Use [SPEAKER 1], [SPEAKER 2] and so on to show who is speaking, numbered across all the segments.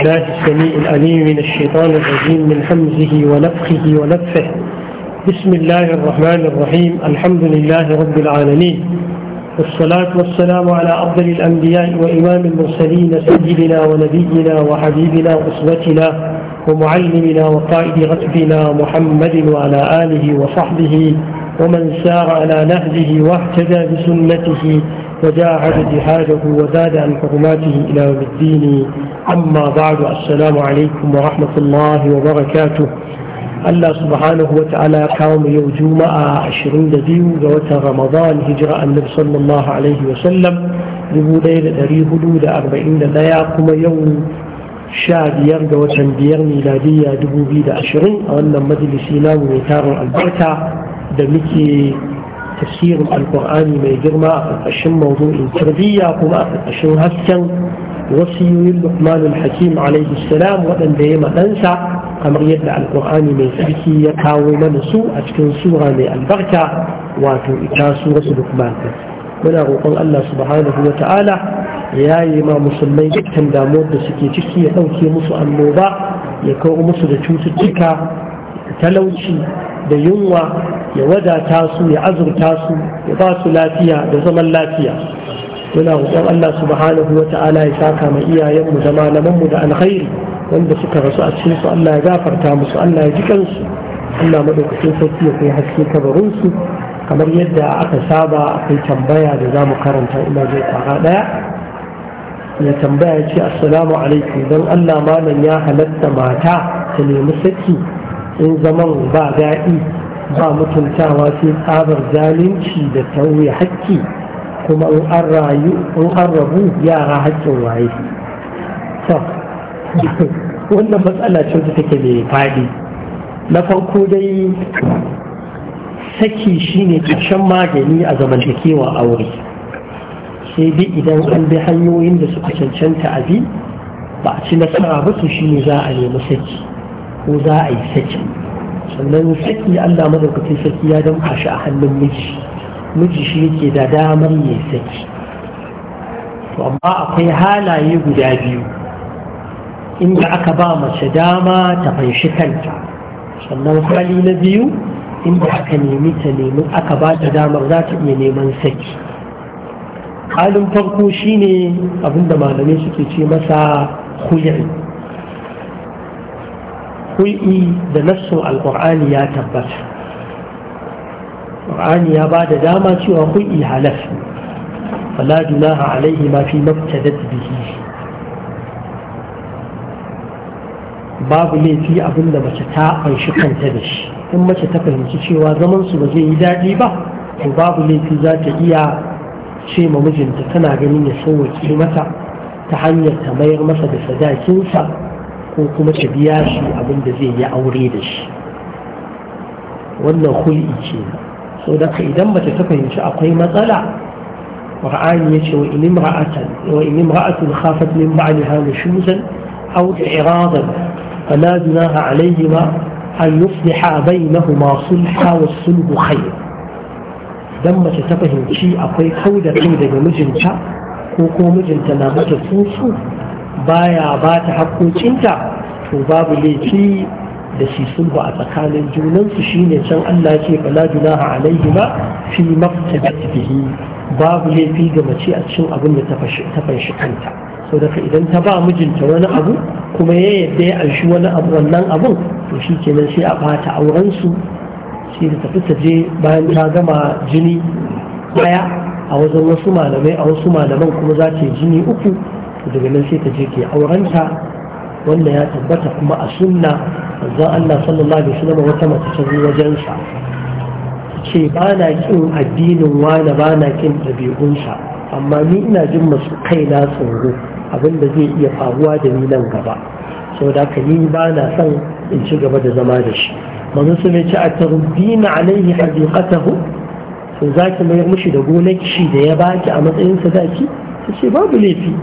[SPEAKER 1] الله السميع الأليم من الشيطان الرجيم من حمزه ونفخه ونفه بسم الله الرحمن الرحيم الحمد لله رب العالمين والصلاة والسلام على أفضل الأنبياء وإمام المرسلين سيدنا ونبينا وحبيبنا وأسوتنا ومعلمنا وقائد غتبنا محمد وعلى آله وصحبه ومن سار على نهجه واهتدى بسنته وجاهد جهاده وزاد عن حرماته إلى يوم الدين أما بعد السلام عليكم ورحمة الله وبركاته Allah subhanahu wa ta'ala ya kawo mu yau juma'a 22 ga watan Ramadan hijira annabi sallallahu alaihi wa sallam 1441 kuma yau 15 ga watan biyar miladiyya 2020 a wannan majalisi namu mai tarin albarka da muke tafsirin alkur'ani mai girma a ƙarƙashin mawdu'in tarbiyya kuma a ƙarƙashin hasken wasiyoyin lukmanul hakim alaihi salam waɗanda ya maɗansa kamar yadda alkur'ani mai tsarki ya kawo mana su a cikin sura mai albarka wato ita su wasu lukman muna roƙon allah subhanahu wa ta'ala ya yi ma musulmai dukkan damuwar da suke ciki ya ɗauke musu annoba ya kawo musu da cututtuka talauci da yunwa ya wadata su ya azurta su ya ba su lafiya da zaman lafiya muna roƙon Allah subhanahu wa ta'ala ya saka ma iyayenmu da mu da alkhairi wanda suka rasu a cikin su Allah ya gafarta musu Allah ya ji kansu Allah madaukakin sarki ya kai haske kabarin su kamar yadda aka saba akwai tambaya da zamu karanta ina zai fara daya ya tambaya ce assalamu alaikum dan Allah malam ya halatta mata ta nemi saki in zaman ba daɗi ba mutuntawa sai tsabar zalunci da tauye hakki kuma in an rabu yara haƙƙin waye wannan matsala ce da take mai faɗi na farko dai saki shine ƙarshen magani a zamantakewa aure sai dai idan an bi hanyoyin da suka cancanta a bi ba a ci nasara ba shi ne za a nemi saki ko za a yi saki sannan saki allah madaukakin saki ya don shi a hannun miji miji shi yake da damar ya saki to amma akwai halaye guda biyu inda aka ba mace dama ta fanshi kanta sannan hali na biyu inda aka nemi ta nemi aka ba ta damar za ta iya neman saki halin farko shine abinda malamai suke ce masa kuyar akwai da nassun alƙur'ani ya tabbata ƙur'ani ya ba da dama cewa ku'i halas. fala junaha alaihi mafi fi mabtadat bihi babu laifi abin da mace ta ƙunshi kanta da shi in mace ta fahimci cewa zaman su ba zai yi daɗi ba to babu laifi za ta iya ce ma mijinta tana ganin ya sauwaƙe mata ta hanyar ta mayar masa da sadakinsa ko kuma ta biya shi abin da zai yi aure da shi wannan hul'i ce so da idan mace ta fahimci akwai matsala qur'ani yace wa in imra'atan wa in imra'atun khafat min ba'liha nushuzan aw i'radan fala junaha alayhima an yusliha bainahuma sulha was sulhu khayr dan mace ta fahimci akwai kauda kai daga mijinta ko kuma mijinta na mata tsutsu baya ba ta hakkocinta to babu laifi da shi sulhu a tsakanin junansu shine can Allah ce fala junaha alaihi ma fi maftadat babu laifi ga mace a cikin abin da ta fanshi kanta sau daga idan ta ba mijinta wani abu kuma ya yadda ya anshi wani abu wannan abun to shi kenan sai a bata auren su sai da tafi ta je bayan ta gama jini daya a wajen wasu malamai a wasu malaman kuma za ta yi jini uku daga nan sai ta je ke aurenta wanda ya tabbata kuma a sunna Zan Allah sallallahu alaihi wasallam wata mace ta zo wajen sa ce ba na kin addinin wani ba na kin ɗabi'unsa amma ni ina jin masu kai na tsoro abinda zai iya faruwa da ni nan gaba sau da ka ni ba na son in ci gaba da zama da shi manzo su mai ci a tarbina alaihi hadiqatahu to zaki mai mushi da gonaki da ya baki a matsayin sadaki ta ce babu laifi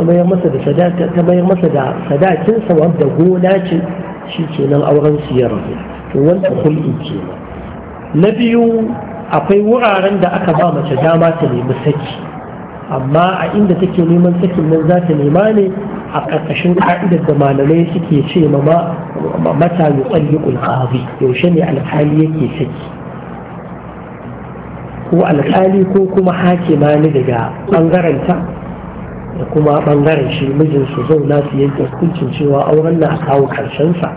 [SPEAKER 1] ta mayar masa da sadaka masa da sadakin sa wanda gona ce shi kenan auren su ya rabu to wannan hulɗi kenan na biyu akwai wuraren da aka ba mace dama ta nemi saki amma a inda take neman sakin nan za ta nema ne a ƙarƙashin ka'idar da malamai suke ce ma mata yi tsalliƙul yaushe ne alƙali yake saki ko alƙali ko kuma hakima ne daga ɓangarenta da kuma bangaren shi mijin su zauna su yanke hukuncin cewa auren na a kawo karshensa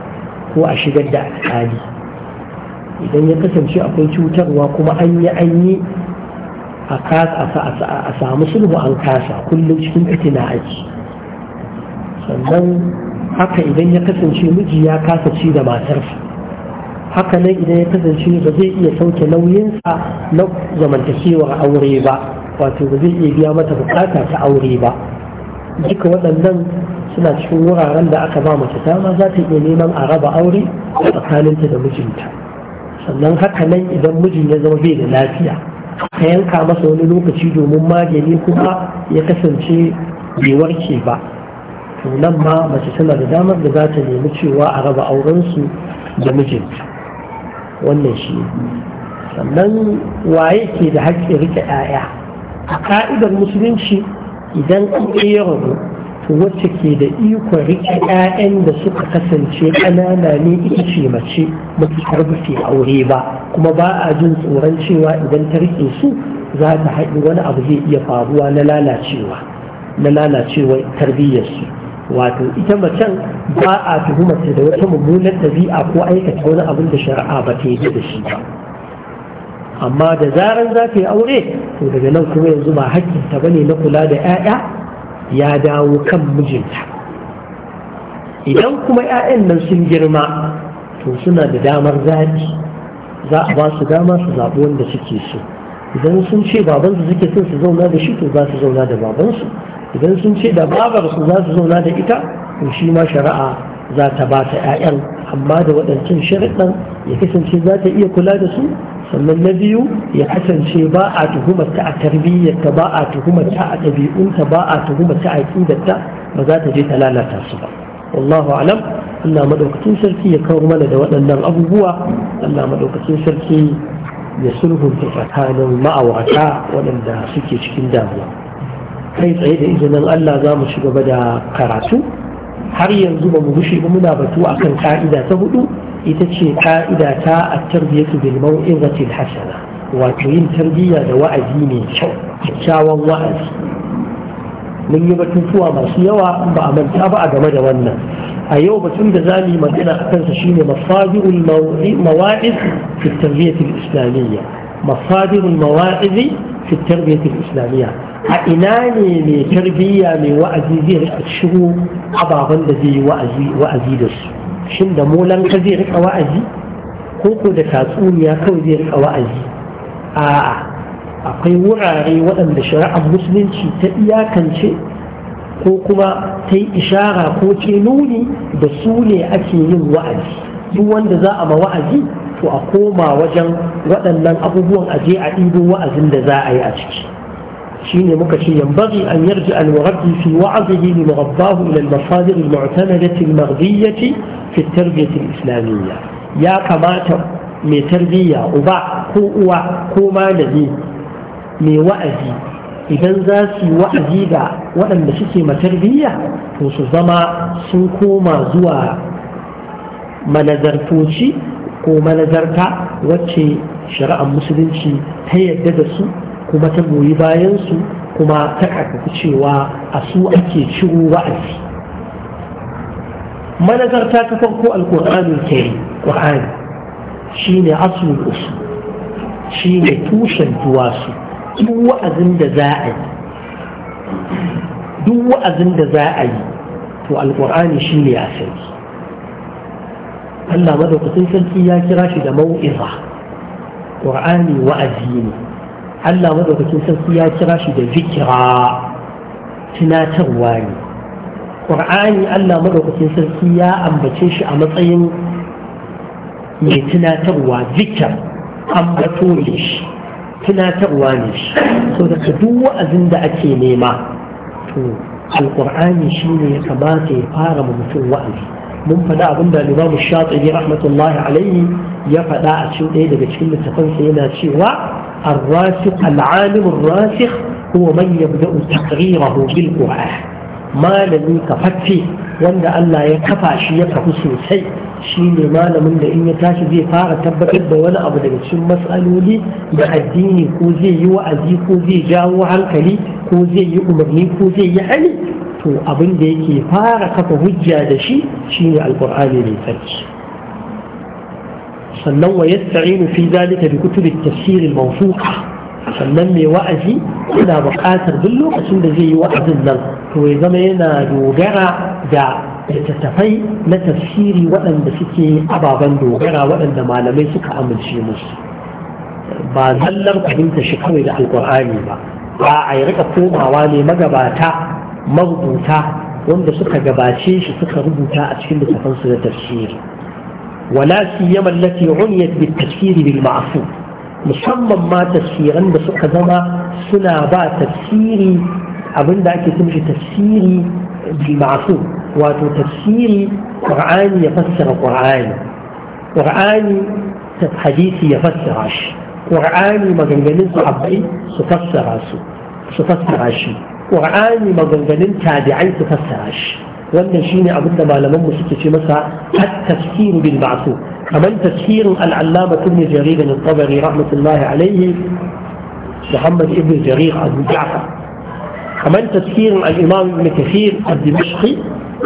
[SPEAKER 1] ko a shigar da alkali idan ya kasance akwai cutarwa kuma an yi an yi a samu sulhu an kasa kullum cikin fitina aiki sannan haka idan ya kasance miji ya kasa ci da matarsa haka nan idan ya kasance ba zai iya sauke nauyinsa na zamantakewar aure ba wato ba zai iya biya mata bukata ta aure ba duka waɗannan suna cikin wuraren da aka ba mace dama za ta iya neman a raba aure tsakaninta da mijinta sannan haka nan idan mijin ya zama bai da lafiya ka yanka masa wani lokaci domin magani kuma ya kasance bai warke ba to nan ma mace tana da damar da za ta nemi cewa a raba aurensu da mijinta wannan shi sannan waye ke da haƙƙin rike 'ya'ya a ka'idar musulunci idan kuɗi ya rabu to wacce ke da ikon rike 'ya'yan da suka kasance ƙanana ne ita ce mace matuƙar ba su aure ba kuma ba a jin tsoron cewa idan ta rike su za ta haɗi wani abu zai iya faruwa na lalacewa na lalacewa tarbiyyarsu wato ita macen ba a tuhumarta da wata mummunar ɗabi'a ko aikata wani abin da shari'a ba ta yi da shi ba amma da zaran za ta yi aure to daga nan kuma yanzu ba hakkinta bane na kula da 'ya'ya ya dawo kan mijinta idan kuma 'ya'yan nan sun girma to suna da damar zaɓi za a ba su dama su zaɓi wanda suke so idan sun ce babansu suke son su zauna da shi to za su zauna da babansu idan sun ce da babarsu za su zauna da ita to shi ma shari'a za ta ba ta 'ya'yan amma da waɗancan sharaɗin ya kasance za ta iya kula da su sannan na biyu ya kasance ba a tuhumar ta a ta, ba a tuhumar ta a ɗabi'unta ba a tuhumar ta a ƙidarta ba za ta je ta lalata su ba wallahu alam Allah madaukakin sarki ya kawo mana da waɗannan abubuwa Allah madaukakin sarki ya sulhunta tsakanin ma'aurata waɗanda suke cikin damuwa kai tsaye da izinin Allah za mu ci gaba da karatu har yanzu ba mu gushe ba muna batu akan ka'ida ta hudu ita ce ka'ida ta a tarbiyyatu bil mau'izatil hasana wato yin tarbiyya da wa'azi mai kyau kyakkyawan wa'azi mun yi batutuwa masu yawa ba a manta ba a game da wannan a yau batun da za mu magana a kansa shine masadirul mawa'iz fi tarbiyyatil islamiyya masadirul mawa'iz fi tarbiyyatil islamiyya a ina ne mai tarbiyya mai wa'azi zai rika shigo ababen da zai yi wa'azi da su shin da molan ka zai rika wa'azi ko ko da tatsuniya kawai zai rika wa'azi a'a akwai wurare waɗanda shari'ar musulunci ta iyakance ko kuma ta yi ishara ko ce nuni da su ne ake yin wa'azi duk wanda za a ma wa'azi to a koma wajen waɗannan abubuwan aje a ɗibo wa'azin da za a yi a ciki شين مكشي ينبغي أن يرجع المغذي في وعظه لمغضاه إلى المصادر المعتمدة المغذية في التربية الإسلامية يا كما من تربية وبع كوما كو نبي من وعدي إذا زاسي وعدي با وأن نشكي ما تربية وصدما سنكوما زوا ما نذر فوشي وما نذرتا وشي شراء مسلمشي هي دادسو kuma ta goyi bayansu kuma ta karfafi cewa a su ake ciro wa'azi manazarta ta farko alkur'anul kari ƙur'ani ne asulul shi ne tushen duwasu duk wa'azin da za a yi duk wa'azin da za a yi to alkur'ani shine asali Allah madaukakin sarki ya kira shi da mau'iza ƙur'ani wa'azi ne Allah madaukakin sarki ya kira shi da zikira tunatarwa ne ƙur'ani Allah madaukakin sarki ya ambace shi a matsayin mai tunatarwa zikir ambato ne shi tunatarwa ne shi so daga duk wa'azin da ake nema to alƙur'ani shi ne ya kamata ya fara mutum wa'azi mun faɗa abin da limamu shatsari rahmatullahi alaihi ya faɗa a cikin ɗaya daga cikin littafansa yana cewa الراسخ العالم الراسخ هو من يبدأ تقريره بالقرآن ما لم يكفتي وأن الله يكفى شيء يكفى سوسي شيء ما لم إن يتاشي زي فارة تبقى ولا أبدا شو مسألولي بأديني كوزي يوأزي كوزي جاو عنكلي كوزي يؤمرني كوزي يعني to abin da yake fara kafa hujja da shi shine alkur'ani ne sarki sannan wa yasta'inu fi zalika bi kutubi tafsir al sannan mai wa'azi yana buƙatar duk lokacin da zai yi wa'azin nan to ya zama yana dogara da littattafai na tafsiri waɗanda suke ababen dogara waɗanda malamai suka amince musu ba zallar fahimta shi kawai da alkur'ani ba ba a yi rika komawa ne magabata marubuta wanda suka gabace shi suka rubuta a cikin littafansu na tafsiri ولا سيما التي عنيت بالتفسير بالمعصوم مصمم ما تفسيرا بس كذا سنا با تفسيري أبن ذاك تمشي تفسيري بالمعصوم واتو تفسيري قرآن يفسر قرآن قرآن حديث يفسر عش قرآن ما جنجنين صحبي سفسر عش سفسر عش قرآن ما جنجنين تابعي سفسر عش wannan shine abin da malaman mu suke ce masa at-tafsir bil ba'th kaman tafsir al-allama ibn jarir bin tabari rahmatullahi alayhi muhammad ibn jarir ja'far محمد tafsir al-imam ibn kathir تفسير dimashqi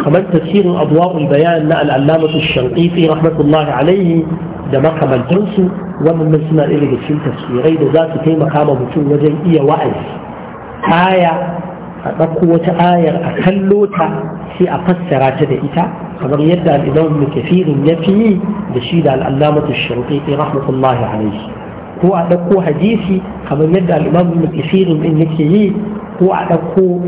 [SPEAKER 1] ابن tafsir الدمشقي al-bayan أضواء al-allama الشنقيطي shanqiti الله alayhi da makamantansu wannan suna ɗaya daga cikin tafsirai da za su taimaka ma mutum wajen iya wa'azi aya a ɗauko wata ayar a kallo ta sai a fassara ta da ita kamar yadda al'imam mai ya fi yi da shi da al'allamatu shirƙiƙi rahmatullahi alaihi ko a ɗauko hadisi kamar yadda al'imam mai ɗin yake yi ko a ɗauko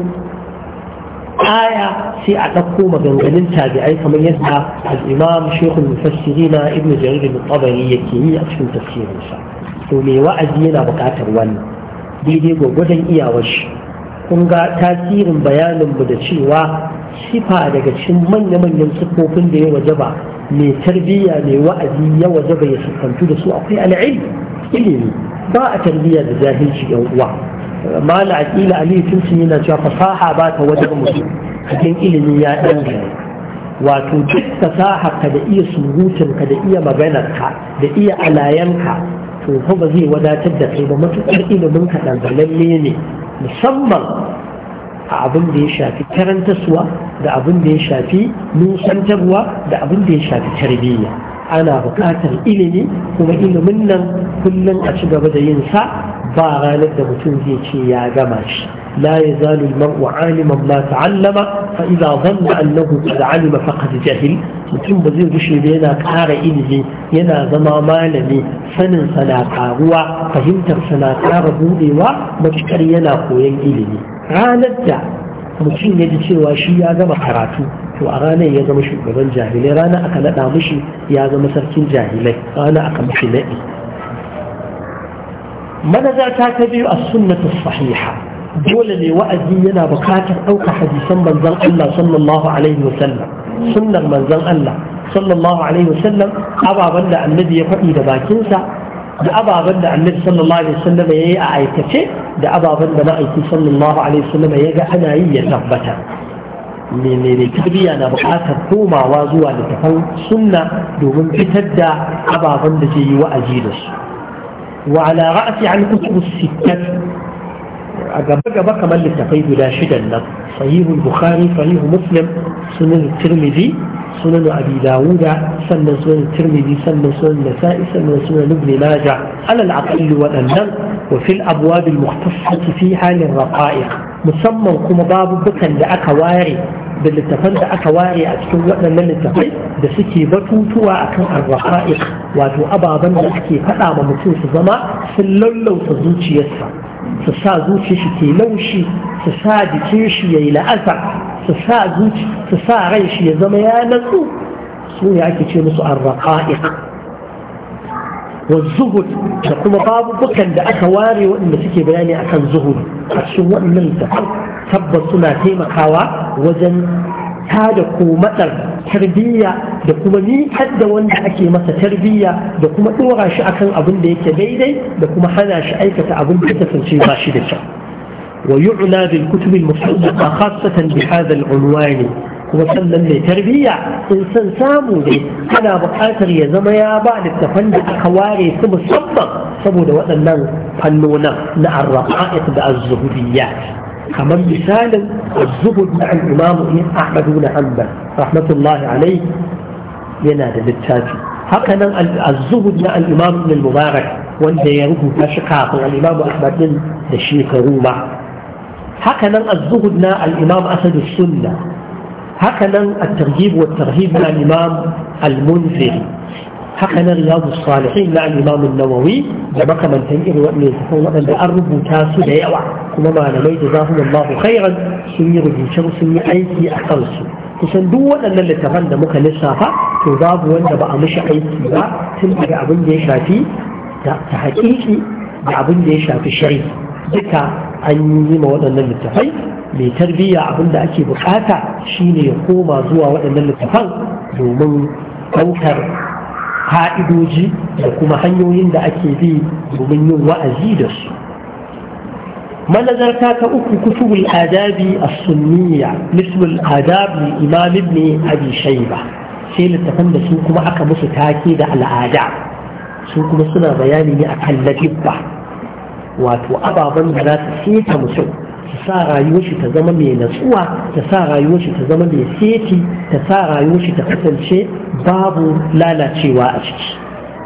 [SPEAKER 1] aya sai a ɗauko maganganun tabi'ai kamar yadda al'imam shekul mufassiri na ibn jarir mutabari yake yi a cikin tafsirinsa to mai wa'azi yana buƙatar wannan daidai gwagwadon iyawar shi kun ga tasirin bayaninmu da cewa sifa daga cikin manya-manyan siffofin da ya waje ba mai tarbiyya mai wa'azi ya ba ya siffantu da su akwai al'ilmi ilimi ba a tarbiyya da jahilci yan uwa mala aqila Aliyu, tunsi yana cewa fasaha ba ta ba mutum cikin ilimi ya dangane wato duk fasaha ka da iya surutun ka da iya maganar ka da iya alayanka to fa ba zai wadatar da kai ba matuƙar ilimin kaɗan ga lalle ne musamman a abin da ya shafi karantaswa da abin da ya shafi nusantarwa da abin da ya shafi tarbiyya ana buƙatar ilimi kuma ilimin nan kullum a ci gaba da yin sa ba ranar da mutum zai ce ya gama shi لا يزال المرء عالما ما تعلم فإذا ظن أنه قد علم فقد جهل mutum ba zai rushe ba yana ƙara ilimi yana zama malami sanin na ƙaruwa fahimtar na ƙara buɗewa matuƙar yana koyon ilimi ranar da mutum ya ji cewa shi ya gama karatu to a ranar ya zama shugaban jahilai rana aka naɗa mashi ya zama sarkin jahilai rana aka mishi naɗi Manazata ta ta biyu a sunnatu sahiha dole ne wa'azi yana bukatar ɗaukar hadisan manzan Allah sallallahu alaihi wasallam sunnar manzon Allah sallallahu alaihi wasallam ababen da annabi ya faɗi da bakinsa da ababen da annabi sallallahu alaihi wasallam ya yi a aikace da ababen da ma'aiki sallallahu alaihi wasallam ya ga ana yi ya tabbata me ne tarbiyya na buƙatar komawa zuwa littafan sunna domin fitar da ababen da zai yi wa'azi da su وعلى رأس عن كتب الستة a gaba-gaba kamar littafai guda shidan nan sahihul bukhari sahihu muslim sunan tirmidhi sunan abi dawuda sannan sunan tirmidhi sannan sunan nasa'i sannan sunan ibn majah alal aqalli waɗannan wa fil abwab al fi halin raqa'iq musamman kuma babu bukan da aka ware da littafan da aka ware a cikin waɗannan littafai da suke batutuwa akan ar wato ababen da ake faɗa ma mutum su zama sun lallauta zuciyarsa su sa zuci shi ke laushi su sa jikin shi ya yi la'asa su sa zuci su sa ran shi ya zama ya natsu su ne ake ce musu arraqa'iq wa zuhud da kuma babu bukan da aka ware waɗanda suke bayani akan zuhud a cikin waɗannan da tabbas suna taimakawa wajen tada komaɗar tarbiyya da kuma nihar da wanda ake masa tarbiyya da kuma ɗora shi akan abin da yake daidai da kuma hana shi aikata abin da ya kasance ba shi da kyau wa yu'la bil kutub al musaddaqa khassatan bi hadha al unwan kuma sannan mai tarbiyya in san samu ne ana bukatar ya zama ya ba littafan da aka ware su musamman saboda waɗannan fannonin na arra'a'it da az-zuhudiyyah kamar misalin az-zuhud na al-imam ibn ahmad ibn hanbal rahmatullahi alayhi yana da littafi hakanan nan na ibn mubarak wanda ya rubuta shi kafin al da shekaru ma hakanan nan na al asad sunna haka nan at-targhib wa tarhib na al salihin na an-nawawi da makamantan irin waɗanda suka an rubuta su da yawa kuma malamai da zahumullahu khairan sun yi rubuce sun yi aiki a kansu kusan duk waɗannan littafan da muka lissafa to babu wanda ba a mishi aiki ba tun da abin da ya shafi ta haƙiƙi da abin da ya shafi shari duka an yi ma waɗannan littafai mai tarbiyya abin da ake bukata shine ya koma zuwa waɗannan littafan domin ɗaukar fa'idoji da kuma hanyoyin da ake bi domin yin wa'azi da su manazarta ta uku kutubul adabi a sunniya misl adabi adab imam ibn abi shaiba sai littafan da su kuma aka musu take da al'ada su kuma suna bayani ne akan lagibba wato ababen da za su seta mutum ta sa rayuwar shi ta zama mai natsuwa ta sa rayuwar shi ta zama mai seti ta sa rayuwar shi ta kasance babu lalacewa a ciki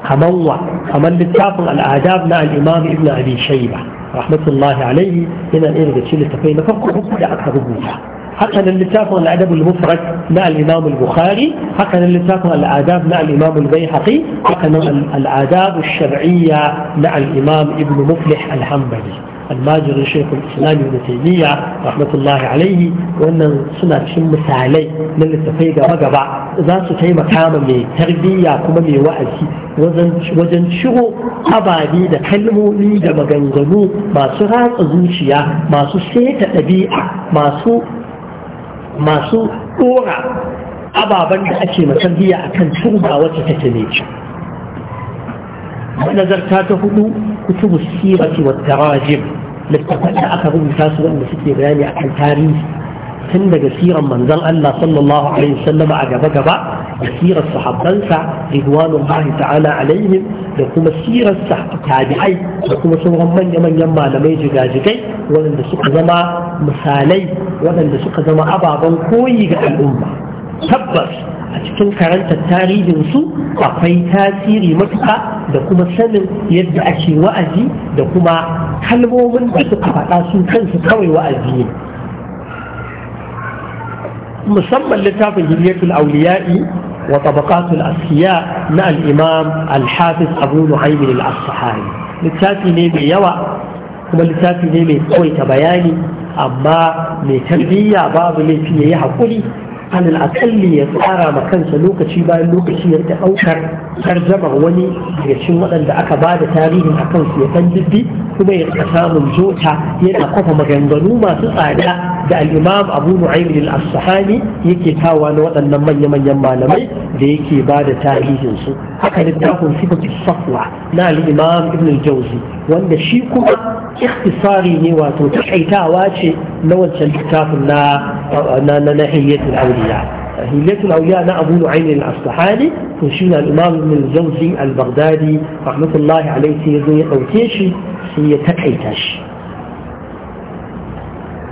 [SPEAKER 1] kamar wa kamar littafin al'adab na al'imam ibn abi shaiba rahmatullahi alaihi yana ɗaya daga cikin littafai na farko da aka rubuta حقن اللتاف والأدب المفرد مع الإمام البخاري حقن اللتاف والأداب مع الإمام البيهقي، حقن الأداب الشرعية مع الإمام ابن مفلح الحنبلي الماجر شيخ الاسلام ابن تيمية رحمة الله عليه وأن سنة شمس علي من التفيدة وقبع إذا ستهي مكاما من تربية كما من وعز وزن شغو أبادي دخلمو ليجا مغنغنو ما سرعة أزنشية ما سرعة أبيعة ما سرعة masu ɗora ababen da ake matarbiya a kan turba wacce ta mai ci nazarta ta hudu kutubu sirati wa tarajim littattafan da aka rubuta su wanda suke bayani akan tarihi tun daga siran manzon Allah sallallahu alaihi wasallam a gaba gaba da sirar sahabbansa ridwanullahi ta'ala alaihim da kuma sa tabi'ai da kuma sauran manya-manyan malamai jigajigai waɗanda suka zama misalai waɗanda suka zama ababen koyi ga al'umma tabbas a cikin karantar tarihinsu akwai tasiri matuƙa. da kuma sanin yadda ake wa'azi da kuma kalmomin da suka faɗa su kansu kawai wa'azi ne musamman littafin hiliyatul auliya'i wa tabaqatul asiya na al-imam al-hafiz abu al-asfahani littafi ne mai yawa kuma littafi ne mai kawaita bayani amma mai tarbiyya babu laifi ya yi haƙuri alal akalli ya tsara ma kansa lokaci bayan lokaci ya ta ɗaukar tarjamar wani daga cikin waɗanda aka ba da tarihin a kansu ya ɗan kuma ya samun zota yana kwafa maganganu masu tsada da al'imam abu nu'aym al-asfahani yake kawa na waɗannan manya-manyan malamai da yake ba da tarihin su haka littafin sifatu safwa na al'imam ibn al-jawzi wanda shi kuma ikhtisari ne wato takaitawa ce na wancan littafin na na nahiyatul الأولياء هيلات الأولياء لا أبون عين الأصلحاني تنشينا الإمام من الزوزي البغدادي رحمة الله عليه سيدني أو تيشي هي تكيتش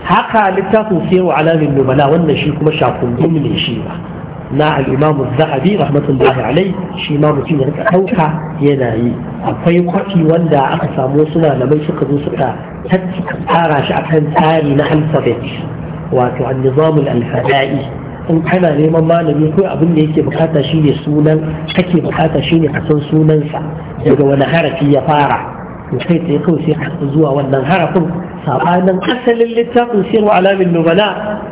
[SPEAKER 1] حقا لتاكو سيرو على النبلاء والنشيكم شاكم ضمن الشيبة نا الإمام الزعبي رحمة الله عليه شي ما مكين هكا توكا ينائي أبقي قطي واندا أقصى موصنا لما يسك دوسكا تتكارا شعبان تاري نحن صبت وكو النظام الألفدائي in kana neman malami ko abin da yake bukata shine sunan kake bukata shine ka san sunansa daga wani harafi ya fara to kai tsaye kawai sai ka zuwa wannan harafin sabanin asalin littafin sirru alamin nubala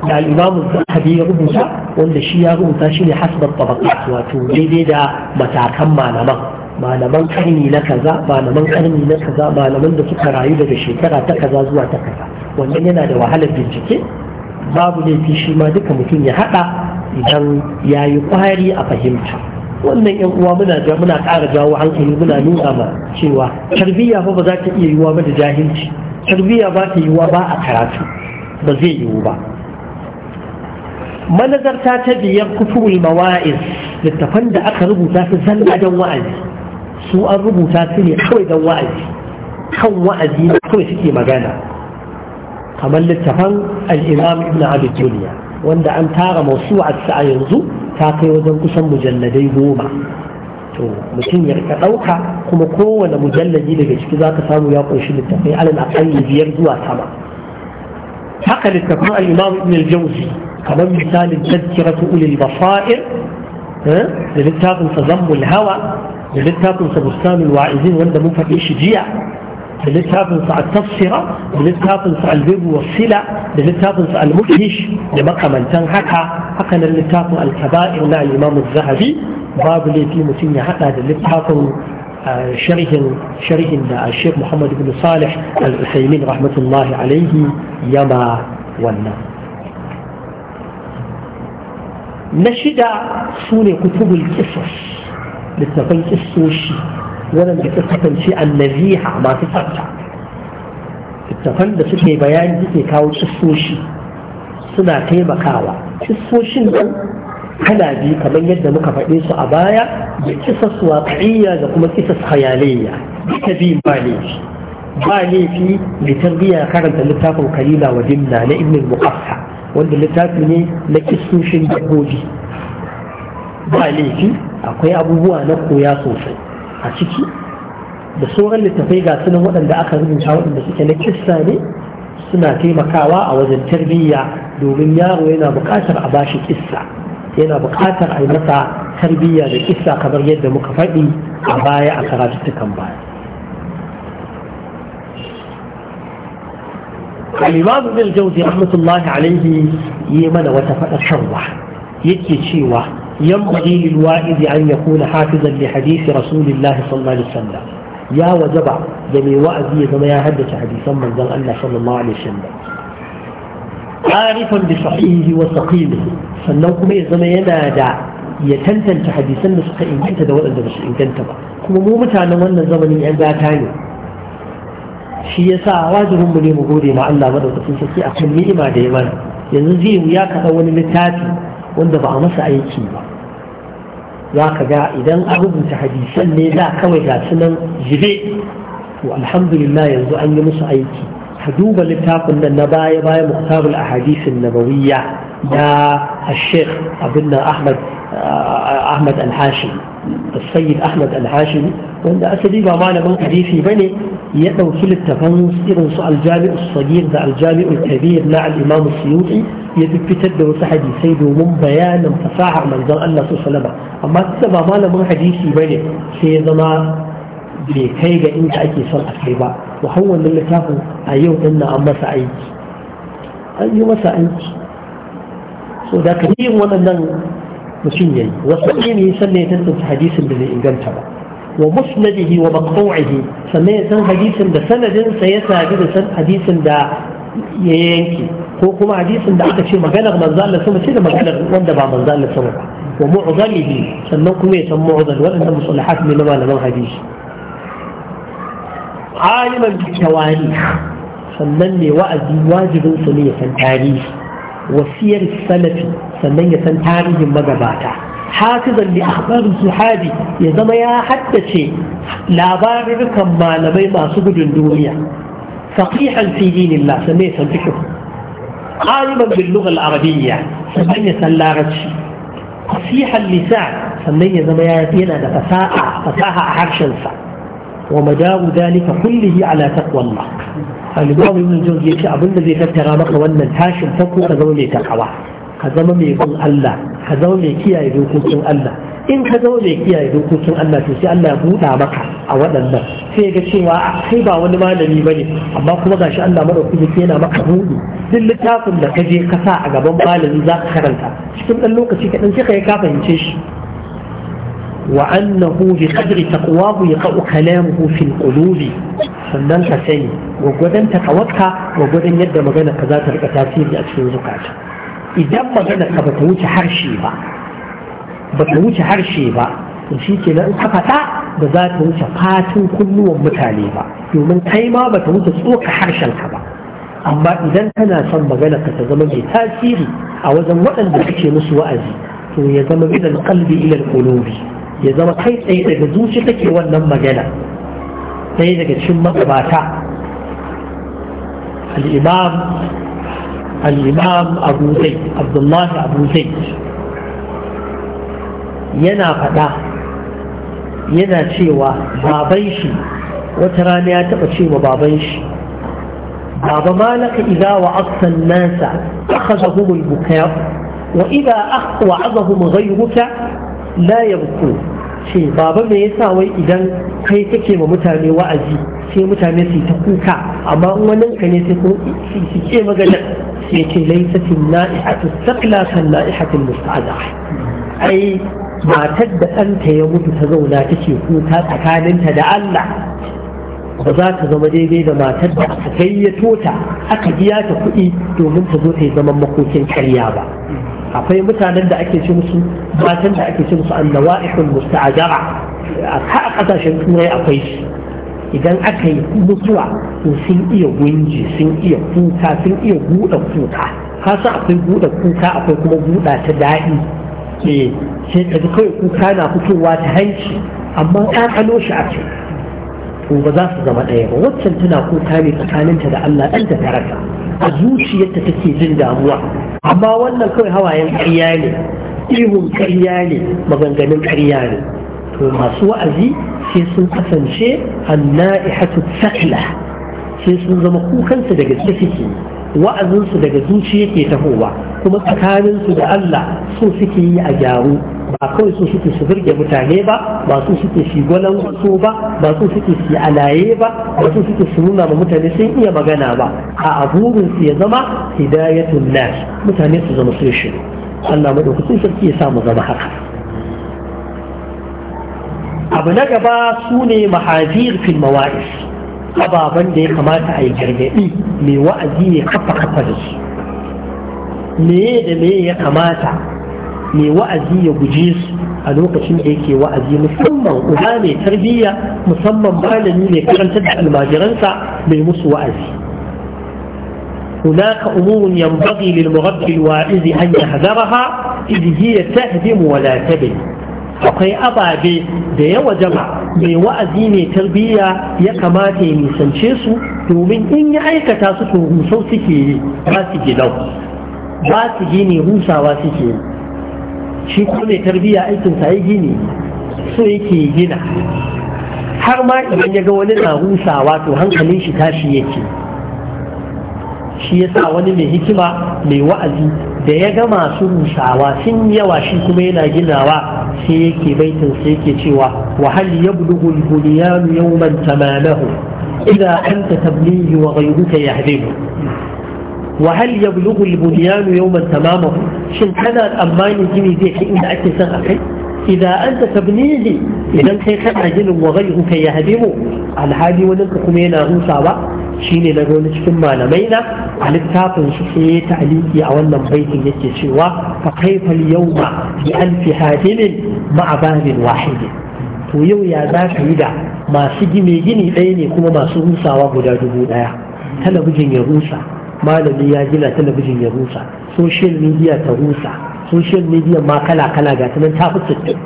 [SPEAKER 1] da al'imamu zahabi ya rubuta wanda shi ya rubuta shi ne hasbar tabakat wato daidai da matakan malaman malaman karni na kaza malaman karni na kaza malaman da suka rayu daga shekara ta kaza zuwa ta kaza wannan yana da wahalar bincike babu laifi shi ma duka mutum ya haɗa idan ya yi kwari a fahimta wannan yan uwa muna muna ƙara jawo hankali muna nuna ma cewa tarbiyya fa ba za ta iya yiwa ba da jahilci tarbiyya ba ta yiwuwa ba a karatu ba zai yiwu ba manazarta ta biyar kutubul mawa'iz littafan da aka rubuta su zalla don wa'azi su an rubuta su ne kawai don wa'azi kan wa'azi kawai suke magana kamar littafan al'imam ibn abid duniya wanda an tara masu a yanzu ta kai wajen kusan mujalladai goma to mutum ya rika ɗauka kuma kowane mujallaji daga ciki za ka samu ya ƙunshi littafai a aƙalli biyar zuwa sama haka littafin al'imam ibn al-jawzi kamar misalin tazkiratu ulil basair eh, da littafin sa zammul hawa da littafin sa bustanul wa'izin wanda mun faɗe shi jiya بالإسهاب نصع التفسرة بالإسهاب نصع البيب والسلة بالإسهاب نصع المجهش لمقى من تنحكى حقا الإسهاب الكبائر مع الإمام الزهبي باب لي في مسيني حقا الإسهاب آه، شريح شريح الشيخ محمد بن صالح الحسيمين رحمة الله عليه يما ونا نشد سوني كتب القصص للتفكير السوشي waɗanda suka kasance annabiha masu tsafta littafan da suke bayani suke kawo kissoshi suna taimakawa kissoshin nan kala biyu kamar yadda muka faɗe su a baya da kisas waƙa'iyya da kuma kisas hayalayya duka biyu ba laifi ba laifi mai tarbiyya karanta littafin kalila wa dimna na ibn muqaffa wanda littafi ne na kisoshin dabbobi ba laifi akwai abubuwa na koya sosai a ciki da sauran littafai ga sunan waɗanda aka rubuta waɗanda suke na kissa ne suna taimakawa a wajen tarbiyya domin yaro yana buƙatar a bashi kissa yana buƙatar a yi masa tarbiyya da kissa kamar yadda muka faɗi a baya a karatuttukan baya الإمام ابن الجوزي رحمة الله عليه يمن وتفأ شروع يكي شيوه ينبغي للوائد أن يكون حافظا لحديث رسول الله صلى الله عليه وسلم يا وجبع جميع وأزي كما يهدك حديثا من ذن الله صلى الله عليه وسلم عارفا بصحيحه وسقيمه sannan kuma ya zama yana da ya tantance hadisan da suka inganta da waɗanda ba su inganta ba kuma mu mutanen wannan zamanin yan gata ne shi ya sa wajibinmu ne mu gode ma Allah madaukakin sarki a kan ni'ima da ya yanzu zai ya kaɗa wani littafi wanda ba a masa aiki ba za ka ga idan an rubuta hadisan ne da kawai ga sunan jibe to alhamdulillah yanzu an yi musu aiki ka duba littafin nan na baya baya muktabul ahadisin nabawiyya da الشيخ عبد abin nan Ahmad AlHashim. السيد أحمد الهاشمي وأن أسدي ما معنى من حديثي بني يدعو كل التفنس إذن سؤال الجامع الصغير ذا الجامع الكبير مع الإمام السيوطي يتبتد دوس حديثي دومون بيانا فصاحة من ذا الله صلى الله عليه وسلم أما تتبع معنى من حديثي بني سيدنا بكيغة إنت أكي صلح كيبا وهو من اللي تاخو أيو إن أما سعيد أيو مسعيد so da ka yi waɗannan mutum yayi wasu ilimi sannan ya tantance hadisin da bai inganta ba wa musnadihi wa maqtu'ihi sannan ya san hadisin da sanadin sa ya sabi da san hadisin da ya yanke ko kuma hadisin da aka ce maganar manzo Allah sama ce da maganar wanda ba manzo Allah sama ba wa mu'dalihi sannan kuma ya san mu'dal waɗannan musalahat ne na malaman hadisi aliman bi tawari sannan ne wa'azi wajibin su ne ya san tarihi وسير السلف سمية يسن تاريخ مغباتا حافظا لأخبار السحادي يزم يا حتى شيء لا باررك ما لبي ما سجد الدنيا فقيحا في دين الله سمية يسن فكر عالما باللغة العربية سمية يسن لا رجش فصيح اللسان سمية يزم يا يتينا فساعة فساعة حرشا ومدار ذلك كله على تقوى الله al-imam ibn jawzi yace abin da zai tattara maka wannan tashin farko ka zama mai takawa ka zama mai bin Allah ka zama mai kiyaye dokokin Allah in ka zama mai kiyaye dokokin Allah to sai Allah ya buɗa maka a waɗannan sai ga cewa ah, kai ba wani malami ba ne amma kuma gashi Allah madaukakin yana maka buɗi duk littafin da ka je ka sa a gaban malami za ka karanta cikin ɗan lokaci kaɗan sai ka yi ka fahimce shi وأنه بقدر ya يقع kalam في القلوب sannan ka sani gwaggwadon takawarka gwaggwadon yadda magana ka za ta rika tasiri a cikin zukata idan magana ka bata wuce harshe ba bata wuce harshe ba to shi ke nan ka faɗa ba za ta wuce fatin kulluwan mutane ba domin kai ma bata wuce tsoka harshen ka ba amma idan kana son magana ka ta zama mai tasiri a wajen waɗanda kake musu wa'azi to ya zama bidan kalbi ilal qulubi ya zama kai tsaye daga zuci take wannan magana ɗaya daga cikin magabata al'imam al'imam abu zai abdullahi abu zai yana faɗa yana cewa baban shi wata rana ya taɓa cewa baban shi baba malaka idza wa'aqtan nasa akhazahum al-bukaa wa idza wa'azahum ghayruka la yabkun ce baba me yasa wai idan kai kake ma mutane wa'azi sai mutane su ta kuka amma in wannan ka ne sai kun su ke magana sai ce laisatin na'ihatu sakla kan na'ihatin musta'ada ai matar da ɗanta ya mutu ta zauna take kuka tsakaninta da Allah ba za ta zama daidai da matar da aka gayyato ta aka biya ta kuɗi domin ta zo ta yi zaman makokin karya ba akwai mutanen da ake ce musu matan da ake ce musu annawa'ihul musta'jara a kasashen turai akwai shi idan aka yi mutuwa to sun iya gunji sun iya kuka sun iya buɗe kuka ka san akwai buɗe kuka akwai kuma buɗa ta daɗi E, sai ka ji kawai kuka na fitowa ta hanci amma kakalo shi a ce ba za su zama ɗaya ba waccan tana kuka ne tsakaninta da Allah ɗan ta tarata a zuciyarta take jin damuwa amma wannan kawai hawayen ƙarya ne ihun ƙarya ne maganganun ƙarya ne to masu wa'azi sai sun kasance anna'ihatu sakla sai sun zama kukansu daga gaske wa'azinsu daga zuciya ke tahowa kuma tsakaninsu da Allah su suke yi a gyaru ba kawai su suke su birge mutane ba ba su suke shi gwalan wasu ba ba su suke shi alaye ba ba su suke su nuna ma mutane sun iya magana ba a burin su ya zama hidayatul nas mutane su zama sun shiru Allah madaukakin sarki ya sa mu zama haka abu na gaba su ne mahazir fil mawa'is ababen da ya kamata a yi gargaɗi mai wa'azi ne kafa kafa da su me da me ya kamata mai wa'azi ya guje su a lokacin da yake wa'azi musamman uba mai tarbiyya musamman malami mai karantar da almajiransa mai musu wa'azi هناك أمور ينبغي للمربي الواعظ أن يحذرها إذ هي تهدم ولا تبن akwai ababe da yawa jama mai wa'azi mai tarbiyya ya kamata ya nisance su domin in ya aikata su to rusau suke yi ba su gidau ba su gini rusawa suke shi kuma mai tarbiyya aikin sa yi gini so yake gina har ma idan ya ga wani na rusawa to hankalin shi tashi yake shi yasa wani mai hikima mai wa'azi da ya ga masu rusawa sun yawa shi kuma yana ginawa sai yake baitin sai yake cewa wahal yablughul bunyan yawman tamanahu idza anta tablihi wa ghayruka yahdimu وهل يبلغ البنيان يوما تماما شن أنا الأمان جيني ذي حين أكي سنة إذا أنت تبنيه إذا كي كان أجن وغيره كي يهدمه على هذه ونلك كمينا غوصة بقى شين نقول ثم لمينا على التاب شخصية تعليقي أولا بيت يتي سوا فكيف اليوم بألف هادم مع باب واحد ويو يا ذاك إذا ما سجي ميجيني بيني كما ما سوصة وقدا جبودا جن يغوصة malami ya gina talabijin ya rusa social media ta rusa social media ma kala kala ga tunan ta fi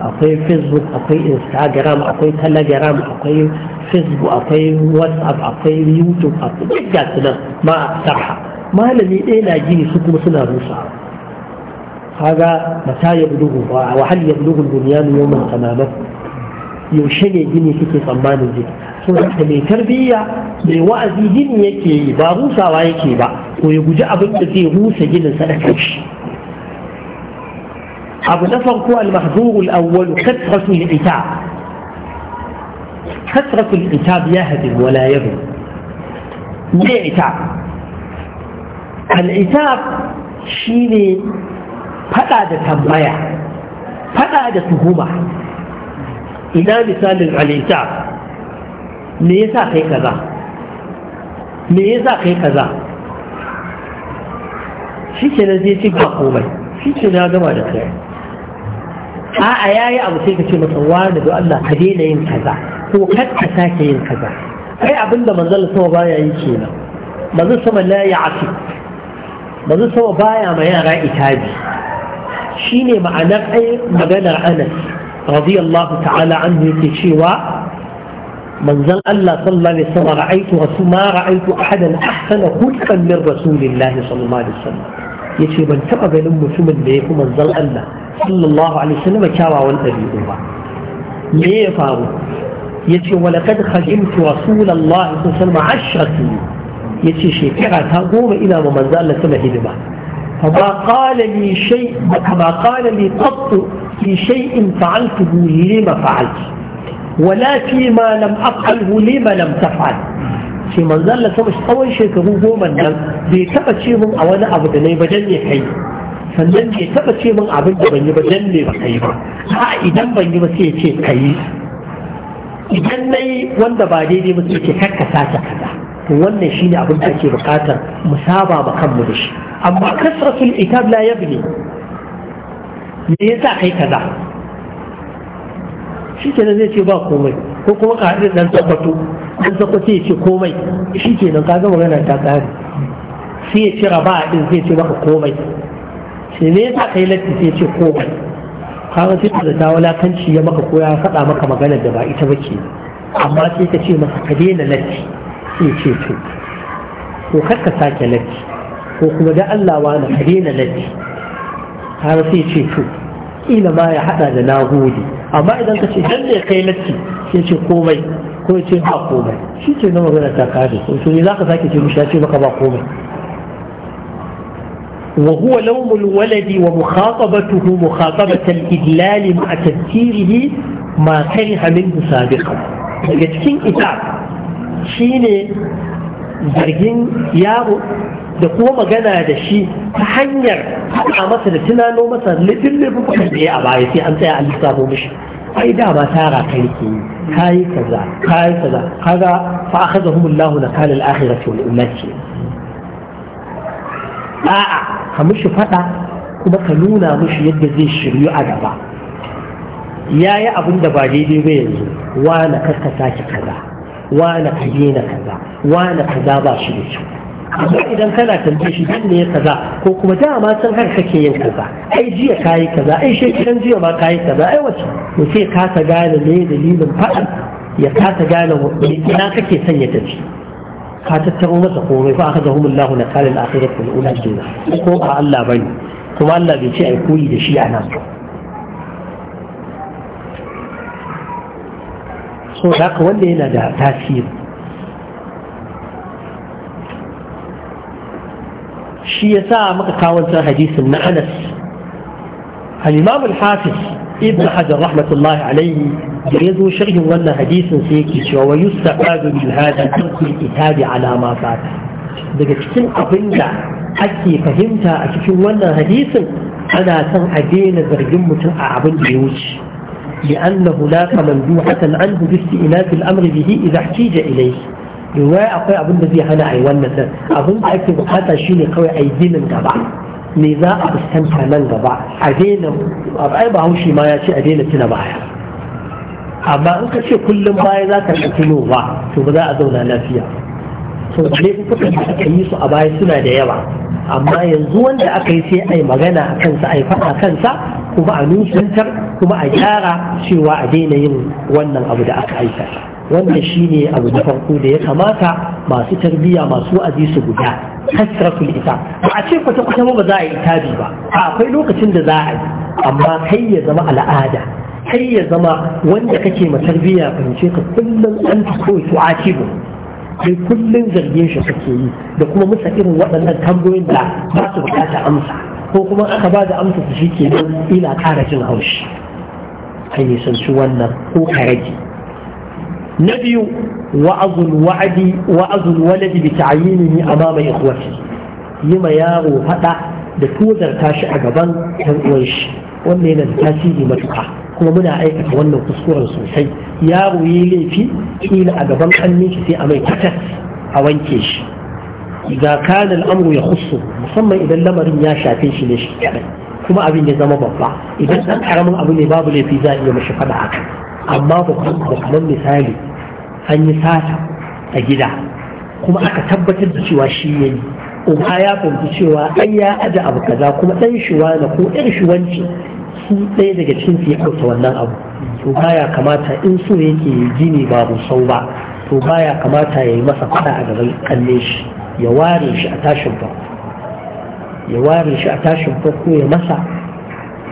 [SPEAKER 1] akwai facebook akwai instagram akwai telegram akwai facebook akwai whatsapp akwai youtube akwai ga tunan ma a sarha malami ɗaya na gini su kuma suna rusa kaga mata ya budugu wa hal ya budugu duniya yawman tamamat yaushe ne gini kake tsammanin zai so haka mai tarbiyya mai wa'azi gini yake yi ba rusawa yake ba ko ya guji abin da zai rusa ginin sadakar shi abu na farko al-mahzurul awwal kasratul itab kasratul itab ya hadin wala yabu ne itab al-itab shine fada da tambaya fada da tuhuma ina misalin al-itab me yasa kai kaza me yasa kai kaza shi ke nan zai ci ba komai shi ke na gama da kai a'a yayi abu sai ka ce masa wani da Allah ka daina yin kaza ko kar ka sake yin kaza Ai abinda manzon sama ya yi kenan manzon sama na la ya'fi manzon sama ba ya ma yara itabi ne ma'anar ai maganar Anas radiyallahu ta'ala an yake cewa من زن الله صلى الله عليه وسلم رأيت رسول ما رأيت أحدا أحسن خلقا من رسول الله صلى الله عليه وسلم يشي من تبع لهم مسلم ليكم من زن الله صلى الله عليه وسلم كاوا والأبي أبا ليه فارو يشي ولقد خدمت رسول الله صلى الله عليه وسلم عشرة سنين يشي شكرا تقوم إلى من زن الله سمه هدبا فما قال لي شيء فما قال لي قط في شيء فعلته لما فعلت wala fi ma lam af'alhu lima lam taf'al shi manzo Allah sama tsawon shekaru goma nan bai taba ce mun a wani abu da nayi ba dan ne kai sannan bai taba ce mun abin da ban yi ba dan ne ba kai ba ha idan ban yi ba sai ya ce kai idan nayi wanda ba daidai ba sai ya ce kakka sace kaza to wannan shine abin da ake bukatar mu saba ba kanmu da shi amma kasratul itab la yabni me yasa kai kaza shi kenan zai ce ba komai ko kuma ka haɗu dan tabbato ɗan tabbato ya ce komai shi kenan ka gama magana ta tsari sai ya cira ba a ɗin zai ce maka komai sai me yasa yi latti sai ya ce komai kaga sai da zata walakanci ya maka ko ya faɗa maka magana da ba ita bace amma sai ka ce masa ka daina latti sai ya ce to ko kar ka sake latti ko kuma da Allah wani ka daina latti har sai ce to Ina ma ya haɗa da na gode. amma idan ka ce dan ne kai latti sai ce komai ko ya ce ba komai shi ce na magana ta kare ko to ne zaka sake ce mishi ya ce maka ba komai wa huwa وهو wa mukhatabatuhu mukhatabatan idlal ma tafsirihi ma ما كره sabiqan سابقا cikin ita shine zargin yaro da kuma magana da shi ta hanyar haɗa masa da tunano masa litin laifin da ya a baya sai an tsaya a lissafo mishi ai dama tara kai ke yi kayi kaza kayi kaza kaga fa akhadhahum Allahu nakal al-akhirati wal ummati a'a ka mishi faɗa kuma ka nuna mishi yadda zai shiryu a gaba yayi abin da ba daidai ba yanzu wa na karkata ki kaza wane ka daina kaza wane kaza ba shi da kyau idan kana tambaye shi dan ne kaza ko kuma dama san har kake yin kaza ai jiya kayi kaza ai shekaran jiya ma kayi kaza ai wace to sai ka ta gane me dalilin faɗa ya ka ta gane ina kake son ya tafi ka tattaro masa komai fa aka zahumul lahu na kalil akhirati ula kenan ko ba Allah bane kuma Allah bai ce ai koyi da shi a nan so da wanda yana da tasiri shi ya sa muka hadisin na anas al-imam al-hafiz ibn hajar rahmatullahi alaihi da ya zo sharhin wannan hadisin sai yake cewa wa yustaqadu min hada tarkul kitabi alama fata daga cikin abin da ake fahimta a cikin wannan hadisin ana son a daina zargin mutum a abin da ya wuce لأن هناك مندوحة عنه باستئناف الأمر به إذا احتيج إليه riwaya akwai abin da zai hana a yi wannan din abin ake bukata shine kawai a yi ginin gaba me za a fuskanta nan gaba a daina ba haushi ma ya ce a daina tuna baya amma in ka ce kullum baya za ka tuno ba to ba za a zauna lafiya to ne kuka yi su a baya suna da yawa amma yanzu wanda aka yi sai a yi magana a kansa a yi faɗa kansa kuma a nusantar kuma a gyara cewa a daina yin wannan abu da aka Wanda shi shine abu na farko da ya kamata masu tarbiyya masu wa'azi su guda kasratul ita ba a ce kwata kwata ba za a yi itabi ba akwai lokacin da za a yi amma kai ya zama al'ada kai ya zama wanda kake ma tarbiyya fahimce ka kullum an ta kawai su kai kullum zargin shi kake yi da kuma musa irin waɗannan tambayoyin da ba su bukata amsa ko kuma aka ba da amsa su shike nan ina ƙara jin haushi kai ne san su wannan ko ka rage na biyu wa'azul wa'adi wa'azul waladi bi ta'yinihi amama ikhwati yi ma yaro fada da tozarta shi a gaban ɗan uwan shi wannan yana da tasiri matuƙa kuma muna aikata wannan kuskuren sosai yaro yi laifi kila a gaban kannin shi sai a mai katas a wanke shi idza kana ya yakhussu musamman idan lamarin ya shafe shi ne shi kadai kuma abin ya zama babba idan dan karamin abu ne babu laifi za a iya mishi fada haka amma kamar misali an yi sata a gida kuma aka tabbatar da cewa shi yayi uba ya fahimci cewa ɗan ya aje abu kaza kuma ɗan shuwa na ko ɗan shuwanci su ɗaya daga cikin su ya ɗauke wannan abu to baya kamata in so yake gini ba sau ba to baya kamata ya yi masa fada a gaban kalle shi ya ware shi a tashin farko ya ware shi a tashin farko ya masa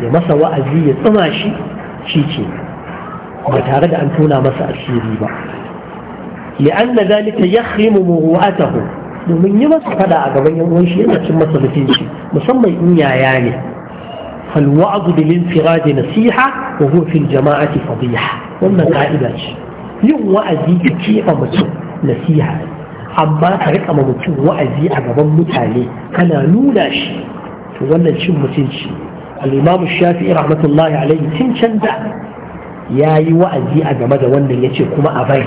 [SPEAKER 1] ya masa wa'azi ya tsuma shi shi ce ba tare da an tona masa asiri ba li'anna zalika yakhrimu muru'atahu domin yi masa fada a gaban yan uwan shi yana cin masa mutunci musamman in yaya ne فالوعظ بالانفراد نصيحة وهو في الجماعة فضيحة ومن قائدة يوم وأزي كيف متو نصيحة أما ترك أما متو وأزي أمام متالي أنا نولا شيء وانا شو متنشي الإمام الشافعي رحمة الله عليه تنشن ده يا يوأزي أجمد وانا يتي كما أبين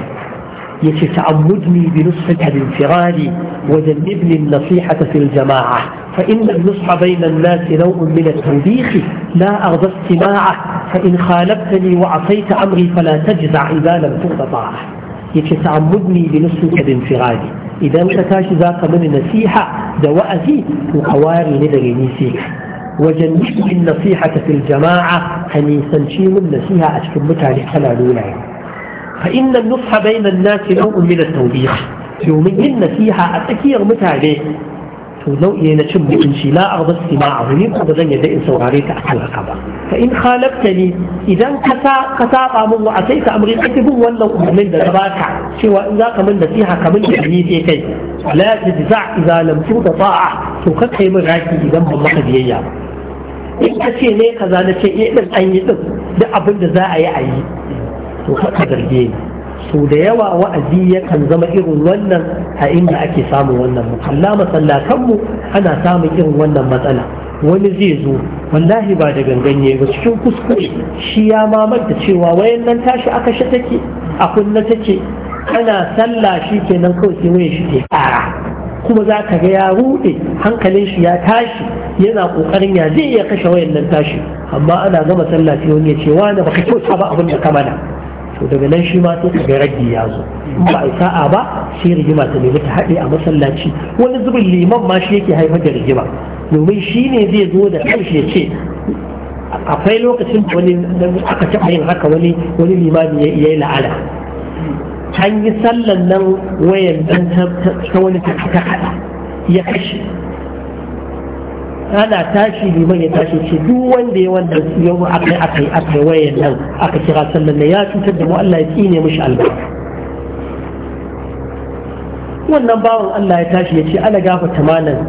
[SPEAKER 1] يتعمدني بنصحك الانفرادي وجنبني النصيحة في الجماعة فإن النصح بين الناس نوع من التوبيخ لا أرضى استماعه فإن خالفتني وعصيت أمري فلا تجزع إذا لم تغض طاعة بنصحك الانفرادي إذا أنت ذاك من نصيحة دوأتي وقواري ندري نسيك وجنبني النصيحة في الجماعة أني سنشيم النصيحة أشكبتها لحلالونا فإن النصح بين الناس نوع من التوبيخ يومين yin nasiha a tsakiyar mutane to nau'i na cin mutunci la arda sima'a ni ko zan yadda in saurare ta akan haka ba fa in khalabtani idan ka ka saba min wa ka amri kake bin wannan umarnin da gabata cewa in za ka min nasiha ka min yi sai kai la tajza idza lam tuda ta'a to ka kai min raki idan ban maka biyayya ba in ka ce ne kaza na ce eh din an yi din duk abin da za a yi a yi to haka zarge ni so da yawa wa'azi yakan zama irin wannan a inda ake samun wannan mukalla masallatanmu ana samun irin wannan matsala wani zai zo wallahi ba da ne ba cikin kuskure shi ya mamanta cewa wayan nan tashi aka kashe take a kunna take ana sallah shi kenan kawai sai wayan shi ke ƙara. kuma za ka ga ya rude hankalin shi ya tashi yana ƙoƙarin ya zai iya kashe wayan nan tashi amma ana gama sallah sai wani ya ce wani ka kyauta ba abin da ka to daga nan shi ma sai ga ragi ya zo ba a sa'a ba sai rigima ta nemi ta haɗe a masallaci wani zubin liman ma shi yake haifar da rigima domin shi ne zai zo da kanshi ya ce akwai lokacin da wani aka taɓa yin haka wani wani limami ya yi la'ala an yi sallan nan wayan ta wani ta kaɗa ya kashe ana tashi liman ya tashi ce duk wanda ya wanda yau akai akai akai wayan nan aka kira sallan nan ya cutar da mu Allah ya tsine mishi albarka wannan bawan Allah ya tashi ya ce ana gafa malam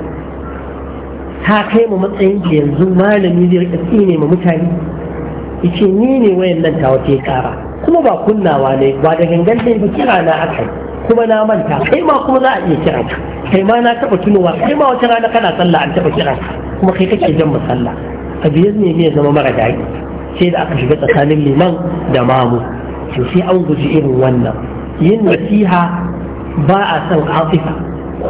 [SPEAKER 1] ta kai mu matsayin da yanzu malami zai rika tsine mu mutane ya ce ni ne wayan nan ta wata ya kara kuma ba kunnawa ne ba da gangan dai ba kira na akai kuma na manta kai ma kuma za a iya kiranka kai ma na taba tunowa kai ma wata rana kana sallah an taba kiranka kuma kai kake jan masalla a biyar ne ya zama mara daɗi sai da aka shiga tsakanin liman da mamu to sai an guji irin wannan yin nasiha ba a son afifa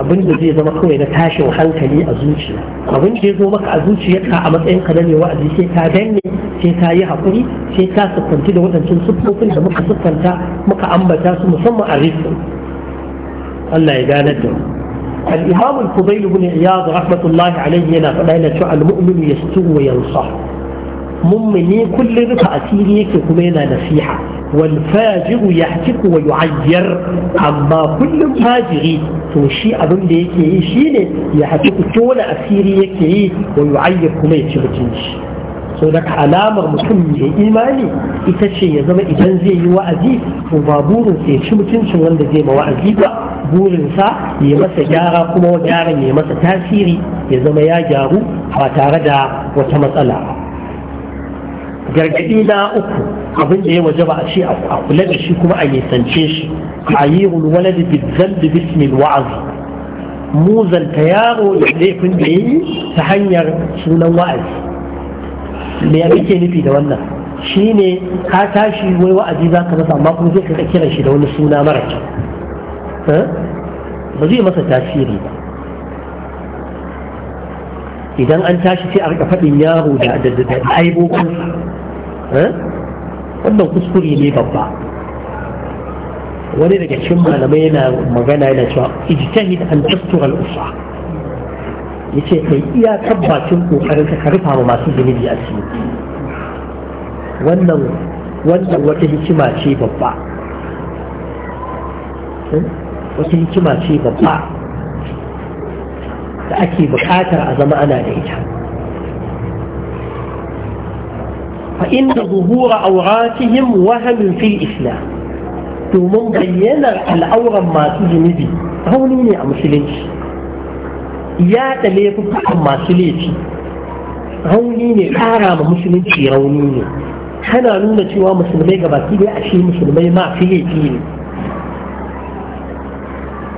[SPEAKER 1] abin da zai zama kawai na tashin hankali a zuciya abin da ya zo maka a zuciyarka a matsayin ka na mai wa'azi sai ka danne sai ka yi haƙuri sai ka siffanci da waɗancan siffofin da muka siffanta muka ambata su musamman a rizkin Allah ya ganar da mu الإمام الفضيل بن عياض رحمة الله عليه أنا فلا المؤمن يستو وينصح ممني كل رفع أسيري كمينا نصيحة والفاجر يحتك ويعير أما كل فاجر توشي أبن ليكي شيني يحتك كون أسيري يكي ويعير كميت شبتنش sau da alamar mutum mai imani ita ce ya zama idan zai yi wa'azi to ba ya ci mutuncin wanda zai ma wa'azi ba burinsa ya masa gyara kuma gyaran ya masa tasiri ya zama ya gyaru ba tare da wata matsala gargaɗi na uku abin da ya waje ba a ce a kula da shi kuma a nisance shi a yi wulwala da bizzan da bismin wa'azi muzanta yaro da laifin da yi ta hanyar sunan wa'azi me ya kake nufi da wannan shine ka tashi wai wa'azi za ka masa amma kuma zai ka kiran shi da wani suna mara kyau eh? ba zai masa tasiri ba idan an tashi sai a rika faɗin yaro da aibokun eh? wannan kuskure ne babba wani daga cikin malamai yana magana yana cewa ijtahid an tastura al ya ce yi iya tabbacin ƙoƙarin ka rufa ma masu zunubi a ciki wannan wanda wata hikima ce babba hmm? wata hikima ce babba da ake buƙatar a zama ana da ita فإن ظهور أوراتهم وهم في الإسلام domin bayyanar al'auran masu zunubi rauni ne a musulunci yaɗa laifukan masu laifi rauni ne ƙara ma musulunci rauni ne tana nuna cewa musulmai ga baki dai ashe musulmai masu laifi ne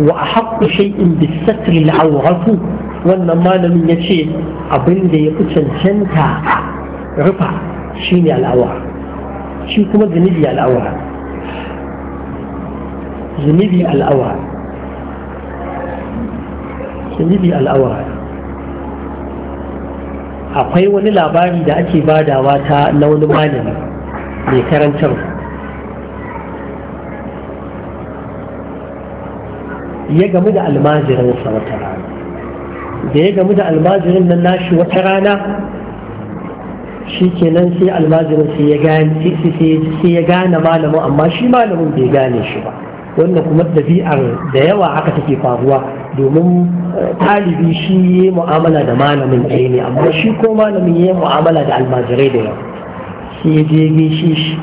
[SPEAKER 1] wa a haƙƙu shay'in bi satri wannan malamin ya ce abin da ya fi cancanta rufa ne al'awra shi kuma zunubi al'awra zunubi shi rufe al'awara, akwai wani labari da ake badawa ta na wani malami mai karantar ya gamu da almajirinsa wata rana da ya gamu da almajirin nan nashi wata rana shi kenan sai almajirin sai ya gane malamin amma shi malamin bai gane shi ba wannan kuma ɗabi'ar da yawa haka take faruwa domin eh, talibi shi ya mu'amala da malamin ɗaya ne amma shi ko malamin ya mu'amala da almajirai da yawa shi ya je gaishe shi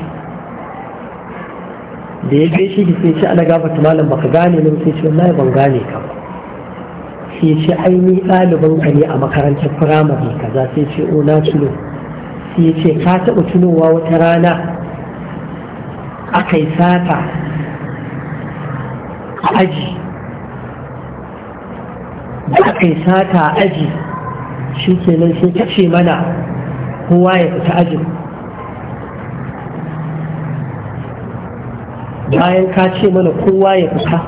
[SPEAKER 1] da ya gaishe shi sai ce ana gafata malam baka gane ne sai ce wallahi ban gane ka ba sai ce ai ni ɗaliban ka ne a makarantar firamare kaza sai ce o oh, na tuno sai ce ka taɓa tunowa wata rana aka yi sata a aji da aka yi sata a aji shi nan sai ta ce mana kowa ya fita ajin bayan ka ce mana kowa ya fita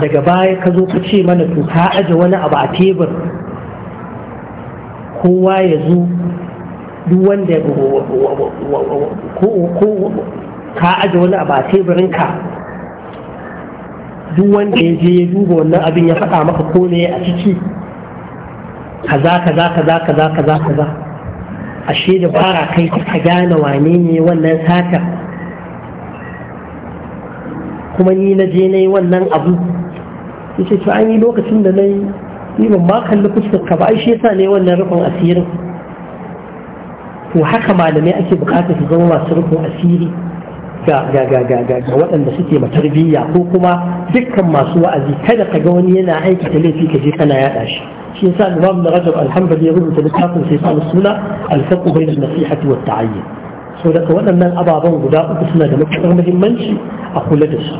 [SPEAKER 1] daga baya ka zo ka ce mana to ka aje wani abu a tebur kowa ya zo duk wanda ka aje wani abu a teburinka duk wanda ya je ya duba wannan abin ya faɗa maka ko ne a ciki kaza kaza kaza kaza kaza kaza ashe da fara kai ka gane wane ne wannan satar kuma ni na je na yi wannan abu Ya ce to an yi lokacin da na yi ni ban ma kalli fuskar ka ba ai shi yasa ne wannan rufin asirin to haka malamai ake bukatar su zama masu rufin asiri ga waɗanda suke matarbiyya ko kuma dukkan masu wa'azi kada ka ga wani yana aikata laifi ka je kana yaɗa shi shi yasa imam na rajab alhamdulillah ya rubuta littafin sai sa suna alfaqu bayna nasihati wa ta'ayyin so daga waɗannan ababen guda uku suna da matuƙar muhimmanci a kula da su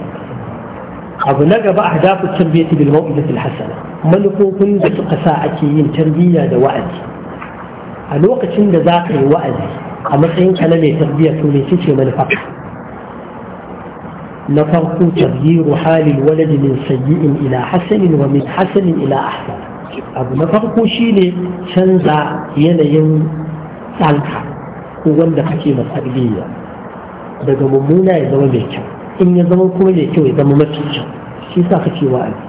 [SPEAKER 1] abu na gaba a hadafu tarbiyyati bil mau'izatil hasana manufofin da suka sa ake yin tarbiyya da wa'azi a lokacin da za ka yi wa'azi a matsayin ka na mai tarbiyya to ne ce manufa نفرق تغيير حال الولد من سيء إلى حسن ومن حسن إلى أحسن abu na farko shine canza yanayin tsanka ko wanda kake masarbiya daga mummuna ya zama mai kyau in ya zama kuma mai kyau ya zama mafi kyau shi sa kake wa'azi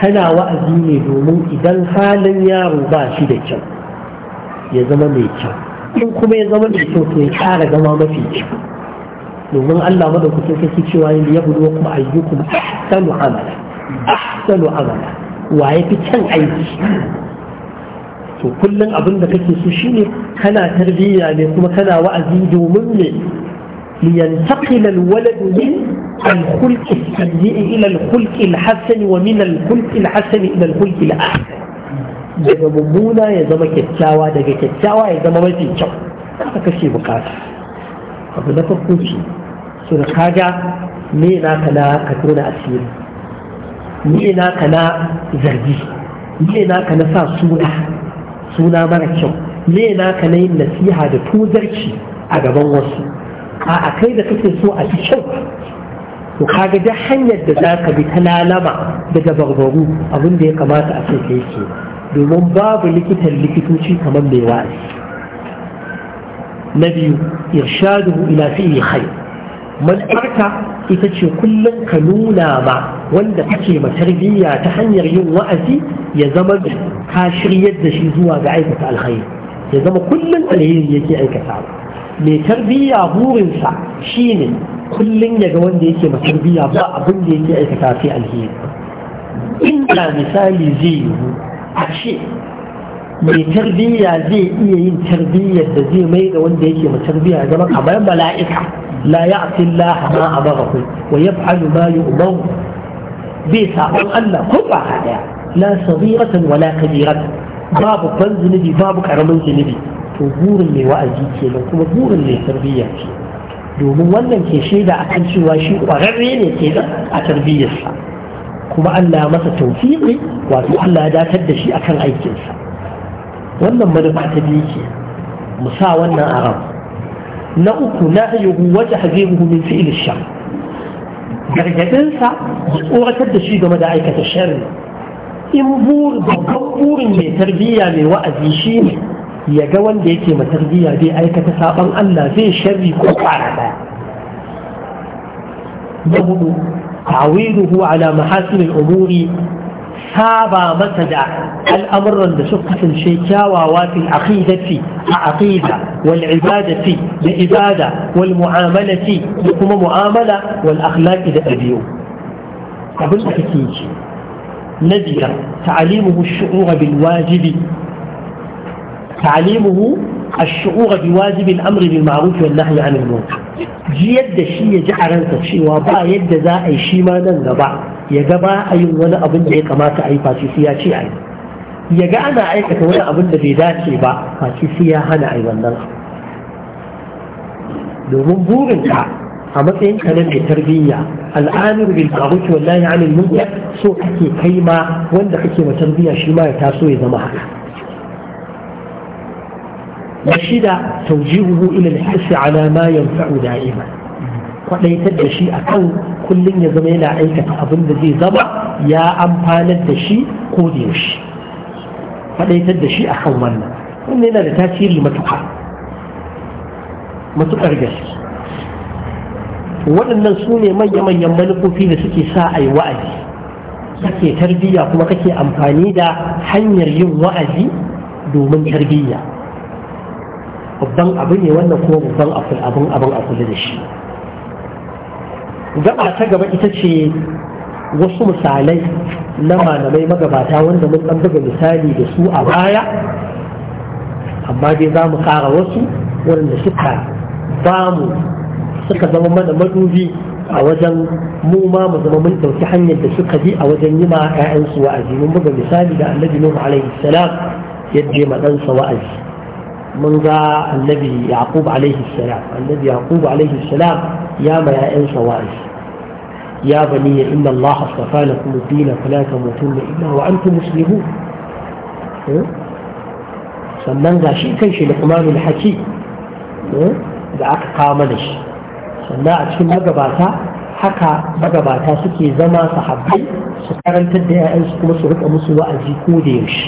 [SPEAKER 1] kana wa'azi ne domin idan halin yaro ba shi da kyau ya zama mai kyau in kuma ya zama mai kyau to ya kara zama mafi kyau domin Allah madaukakin sarki cewa yin ya budo kuma ayyukum ahsanu amala ahsanu amala wa ya fi can aiki to kullum abin da kake so shine kana tarbiyya ne kuma kana wa'azi domin ne لينتقل الولد من الخلق السيء إلى الخلق الحسن ومن الخلق الحسن إلى الخلق الأحسن daga mummuna ya zama kyakkyawa daga kyakkyawa ya zama mafi kyau haka kashe bukata abu na farko so da kaga me na ka na ka tona asiri me na ka na zargi me na ka na sa suna suna mara kyau me na ka na yin nasiha da tozarci a gaban wasu a kai da kake so a kyau to kaga duk hanyar da za ka bi ta lalama daga barbaru abin da ya kamata a ce ka yake domin babu likitan likitoci kamar mai wa'azi na biyu irshaduhu ila fi'li khair manufarka ita ce kullum ka nuna ma wanda kake tarbiyya ta hanyar yin wa'azi ya zama ka shiryar da shi zuwa ga aikata alkhairi ya zama kullum alheri yake aikata mai tarbiyya burinsa shine kullum ya ga wanda yake tarbiyya ba abin da yake aikata sai alheri inda misali zai yiwu a ce mai tarbiyya zai iya yin tarbiyyar da zai mai ga wanda yake mai tarbiyya zama kamar mala'ika la ya'ti Allah ma amarahu wa yaf'alu ma yu'mar bai sabon Allah ko ba daya la sabiratan wala kabiratan babu ban zunubi babu karamin zunubi to burin mai wa'azi kenan kuma burin mai tarbiyya ce domin wannan ke shaida akan cewa shi kwararre ne ke a tarbiyyarsa kuma Allah masa tawfiqi wato Allah ya datar da shi akan aikinsa wannan manufa ta biyu ke mu sa wannan a na uku na ayyuhu wata hazimuhu min fi'il shar gargadinsa ya tsoratar da shi game da aikata sharri in babban burin mai tarbiyya mai wa'azi shi ne ya ga wanda yake ma tarbiyya zai aikata sabon Allah zai sharri ko kwara daya na hudu tawiduhu ala mahasin al'umuri saba masa da al'amuran da suka kasance kyawawa fil aqidati a aqida wal ibadati da ibada wal mu'amalati da kuma mu'amala wal akhlaqi da ɗabi'u abin da kake yi na biyar ta'alimuhu shu'ura bil wajibi ta'alimuhu الشعور بواجب الأمر بالمعروف والنهي عن المنكر jiyar da shi ya ji a ransa cewa ba yadda za a yi shi ma nan gaba ya ga ba a yin wani abin da ya kamata a yi fasisi ya ce a yi ya ga ana aikata wani abin da bai dace ba fasisi ya hana a yi wannan domin burinka a matsayin ka na mai tarbiyya al'amir bil ma'ruf wallahi anil munkar so kake kai ma wanda kake ma tarbiyya shi ma ya taso ya zama haka نشيدا توجيهه إلى الحرص على ما ينفع دائما kwaɗai ta da shi a kan kullum ya zama yana aikata abin da zai zama ya amfanar da shi ko yaushe kwaɗaitar da shi a kan wannan wannan yana da tasiri matuƙa matuƙar gaske waɗannan sune ne manya-manyan manufofi da suke sa a wa'azi kake tarbiyya kuma kake amfani da hanyar yin wa'azi domin tarbiyya babban abu ne wannan kuma babban abin abin a kula da shi gaba ta gaba ita ce wasu misalai na malamai magabata wanda mun ɗan buga misali da su a baya amma dai za mu ƙara wasu waɗanda suka ba mu suka zama mana madubi a wajen mu ma mu zama mun ɗauki hanyar da suka bi a wajen yi ma 'ya'yansu wa'azi mun buga misali da annabi nuhu alaihi salam yadda ma ɗansa wa'azi mun ga annabi yaqub alaihi salam annabi yaqub alaihi salam ya ma ya'yansa wa'azi ya bani inna Allah astafa lakum ad-din fala tamutunna illa wa antum muslimun eh? sannan ga shi kan shi luqmanul haki eh? da aka kama mana shi sannan a cikin magabata haka magabata suke zama sahabbai su karantar da 'ya'yansu kuma su rika musu wa'azi ko da yaushe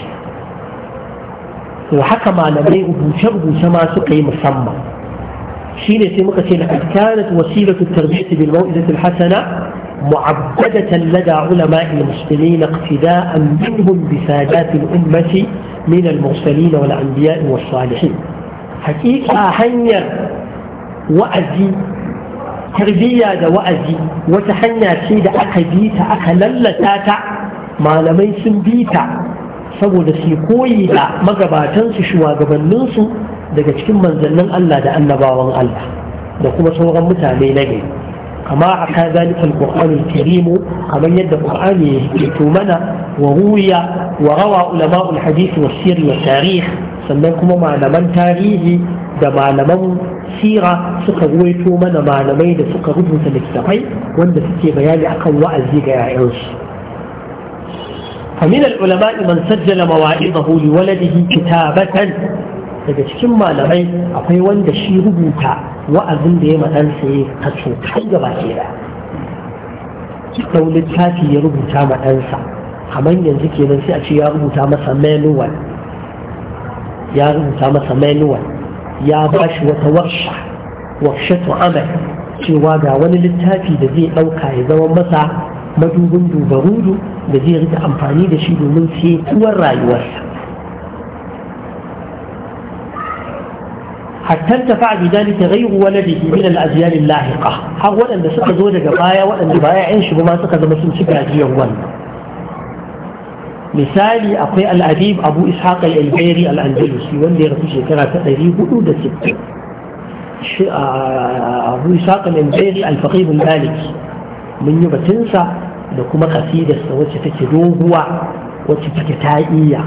[SPEAKER 1] to haka malamai rubuce-rubuce ma suka yi musamman shi ne sai muka ce na kanat wasilatu tarbiyyati bil mau'izati al hasana معبدة لدى علماء المسلمين اقتداء منهم بسادات الأمة من المرسلين والأنبياء والصالحين حقيقة هنيا وأزي تربية دا وأزي وتحنى سيدة أكا بيتا أكا للتاتا ما لمن سنبيتا saboda su koyi da magabatansu shugabanninsu daga cikin manzannin Allah da annabawan Allah da kuma sauran mutane na gari kama a kan zalikal qur'anul karimu kamar yadda qur'ani ya to mana wa ruya wa rawa ulama'ul hadith wa sirr wa sannan kuma malaman tarihi da malaman sira suka ruwaito mana malamai da suka rubuta littafai wanda suke bayani akan wa'azi ga 'ya'yansu فمن العلماء من سجل مواعظه لولده كتابة daga cikin malamai akwai wanda shi rubuta wa'azin da ya maɗansa ya ta kai gaba ke da sau littafi ya rubuta maɗansa kamar yanzu nan sai a ce ya rubuta masa manual ya rubuta masa manual ya ba shi wata warsha warsha amal cewa ga wani littafi da zai ɗauka ya zama masa madubin dubarudu da zai rika amfani da shi domin tuwar rayuwarsa hatta ta fa'a dalika ghayru waladihi min al-ajyal al-lahiqa har waɗanda suka zo daga baya waɗanda baya ƴan shi ma suka zama sun ci gajiyar wannan misali akwai al abu ishaq al-albayri al-andalusi wanda ya rasu shekara ta 460 shi abu ishaq al-albayri al-faqih al-maliki mun yi batunsa da kuma kasidarsa wacce take doguwa wacce take ta'iya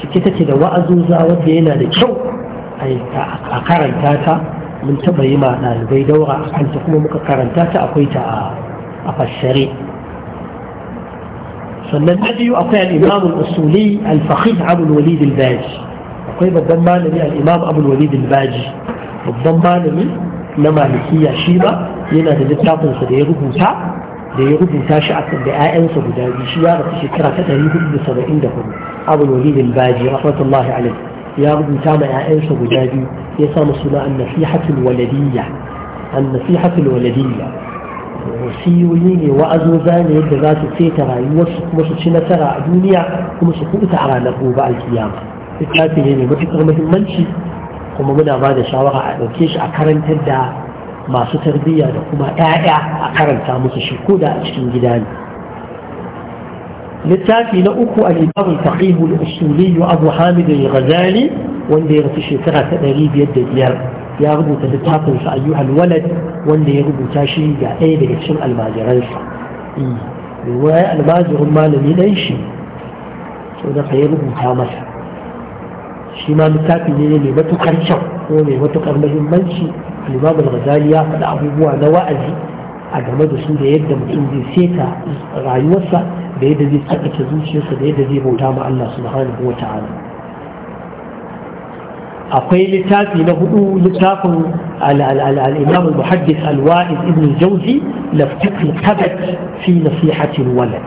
[SPEAKER 1] cike take da wa'azuza wadda yana da kyau a karanta ta mun taɓa yi ma ɗalibai daura a kanta kuma muka karanta ta akwai ta a fashare sannan na biyu akwai al'imam al'usuli al-fahim abul walid al-baji akwai babban malami al'imam abul walid al-baji babban malami na malikiya shi ba yana da littafinsa da ya rubuta da ya rubuta shi a da 'ya'yansa guda biyu shi ya rasu shekara ta ɗari hudu da saba'in da hudu abul walidin baji rahmatullahi alaihi ya rubuta ma 'ya'yansa guda biyu ya sa musu na annasihatul waladiyya annasihatul waladiyya wasiyoyi ne wa'azoza ne yadda za su seta rayuwarsu kuma su ci nasara a duniya kuma su kuɓuta a ranar gobe alkiyama littafi ne mai matuƙar muhimmanci kuma muna ba da shawara a ɗauke shi a karantar da masu tarbiyya da kuma ɗaya a karanta musu shi koda a cikin gida ne littafi na uku a limamin al-faqih al-usuli abu hamid al-ghazali wanda ya rasu shekara ta 505 ya rubuta littafin sa ayyuhal walad wanda ya rubuta shi ga ɗaya daga cikin almajiransa wai almajirin malami dan shi so da ya rubuta masa shi ma littafi ne mai matukar kyau ko mai matukar muhimmanci الإمام الغزالي قد أعبوا نواء ذي أجمد سودة يبدأ من ذي سيتا غايوسا بيد ذي سكت زوشيوسا بيد ذي مدام الله سبحانه وتعالى أقول لتاتي نبؤو لتاكو الإمام المحدث الوائد ابن الجوزي لفتك الكبت في نصيحة الولد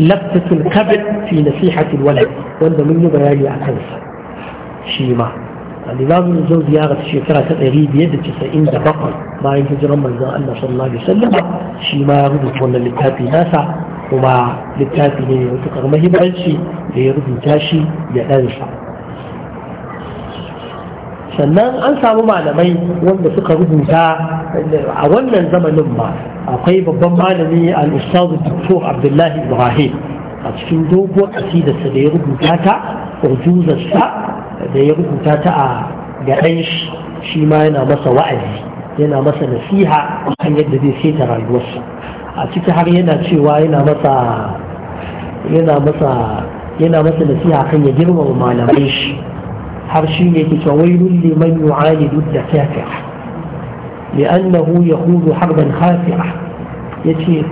[SPEAKER 1] لفتك الكبت في نصيحة الولد وانا من يبيالي أكنسا شيما الإمام الزوج يارة شكرة تقريب يد تسعين دقيقة ما ينفجر من ذا الله صلى الله عليه وسلم شما ربط من للتابي ناسا وما mahimmanci, da ya rubuta shi ya يأنسى sannan an samu malamai wanda suka rubuta a wannan zamanin ma akwai babban malami al-ustaz Dr. Abdullahi Ibrahim a cikin dogon kasidarsa da ya rubuta ta urjuzarsa da ya rubuta ta a ga shi shi ma yana masa wa'azi yana masa nasiha kan yadda zai saita rayuwarsa a ciki har yana cewa yana masa yana masa yana masa nasiha kan ya girmama malamai shi har shi ne ke cewa wailul liman yu'alidu da kafir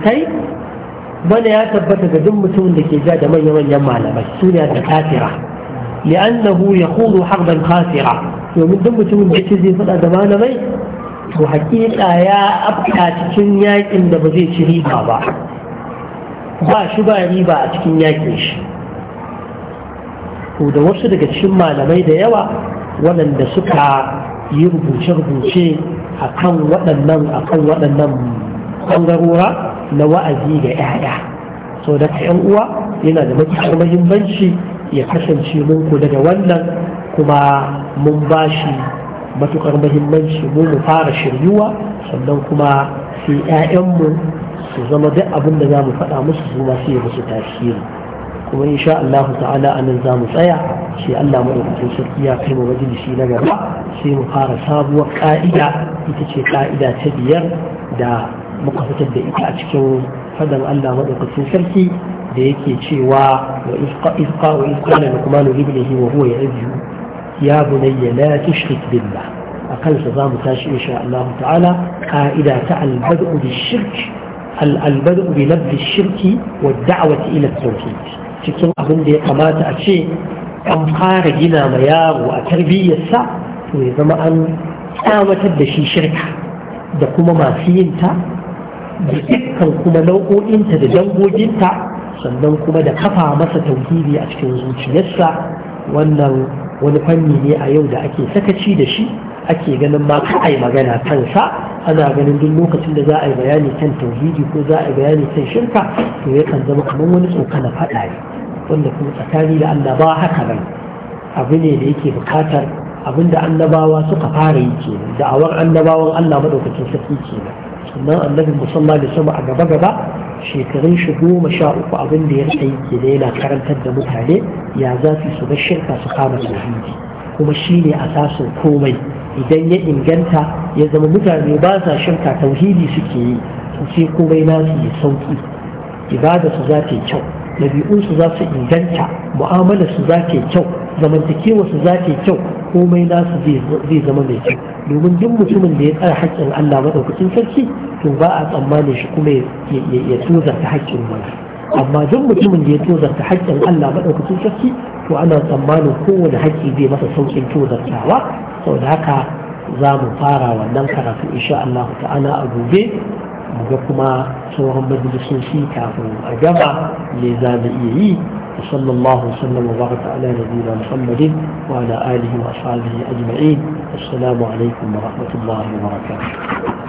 [SPEAKER 1] kai, bana ya خاسرة يتي duk بنا da ke لكي da manyan يمن malamai, suna da kafira. لأنه يخوض حربا خاسرة ومن ثم تكون بيتزي فلا دمان مي وحقيقة يا أبقى تكين ياك إن بزي شريبا با با شبا ريبا تكين ياكيش وده وصل لك تشمع لمي ده يوا ولن ده سكع يربو شغبو شيء أقل وأنم أقل وأنم ɓangarora na wa'azi ga 'ya'ya so da 'yan uwa yana da matuƙar muhimmanci ya kasance mun kula da wannan kuma mun bashi matukar muhimmanci mu mu fara shiryuwa sannan kuma sai 'ya'yanmu su zama duk abin da za mu faɗa musu su ma yi musu tasiri kuma insha Allah ta'ala a nan za mu tsaya sai Allah madaukakin sarki ya kai mu majalisi na gaba sai mu fara sabuwar ka'ida ita ce ka'ida ta biyar da muka fitar da ita a cikin fadan Allah madaukakin sarki da yake cewa wa isqa wa isqa na lukmanu ibnihi wa huwa ya'zu ya bunayya la tushrik billah akan sa zamu tashi insha Allah ta'ala ka'ida ta al-bad'u bi-shirk al-bad'u bi nabdi shirki wa da'wati ila tawhid cikin abin da ya kamata a ce an fara gina ma yaro a tarbiyyarsa to ya zama an kyamatar da shi shirka da kuma masu yinta da dukkan kuma nau'o'inta da dangoginta sannan kuma da kafa masa tauhidi a cikin zuciyarsa wannan wani fanni ne a yau da ake sakaci da shi ake ganin ma ka a magana kansa ana ganin duk lokacin da za a yi bayani kan tauhidi ko za a yi bayani kan shirka to yakan zama kamar wani tsokana faɗa ne wanda kuma tsakani da Allah ba haka nan abu ne da yake bukatar abinda annabawa suka fara yi kenan awar annabawan Allah madaukakin sarki kenan sannan annabi musamman da sama a gaba gaba shekarun shi goma sha uku abinda da ya rika ke da yana karantar da mutane ya za su su ga shirka su kama tauhidi kuma shi ne asasin komai idan ya inganta ya zama mutane ba sa shirka tauhidi suke yi sai komai nasu ya sauki ibada su za ta kyau kyau ɗabi'unsu za su inganta su za ta kyau kyau su za ta kyau komai nasu zai zama mai kyau domin duk mutumin da ya tsara haƙƙin Allah maɗaukacin sarki to ba a tsammanin shi kuma ya tuzarta haƙƙin wani amma duk mutumin da ya tuzarta haƙƙin Allah maɗaukacin sarki to ana tsammanin kowane haƙƙi zai masa sauƙin tozartawa saboda haka za mu fara wannan karatu insha Allah ta'ala a gobe ga kuma sauran majalisoshi kafin a gaba me za mu iya yi وصلى الله وسلم وبارك على نبينا محمد وعلى آله وأصحابه أجمعين السلام عليكم ورحمة الله وبركاته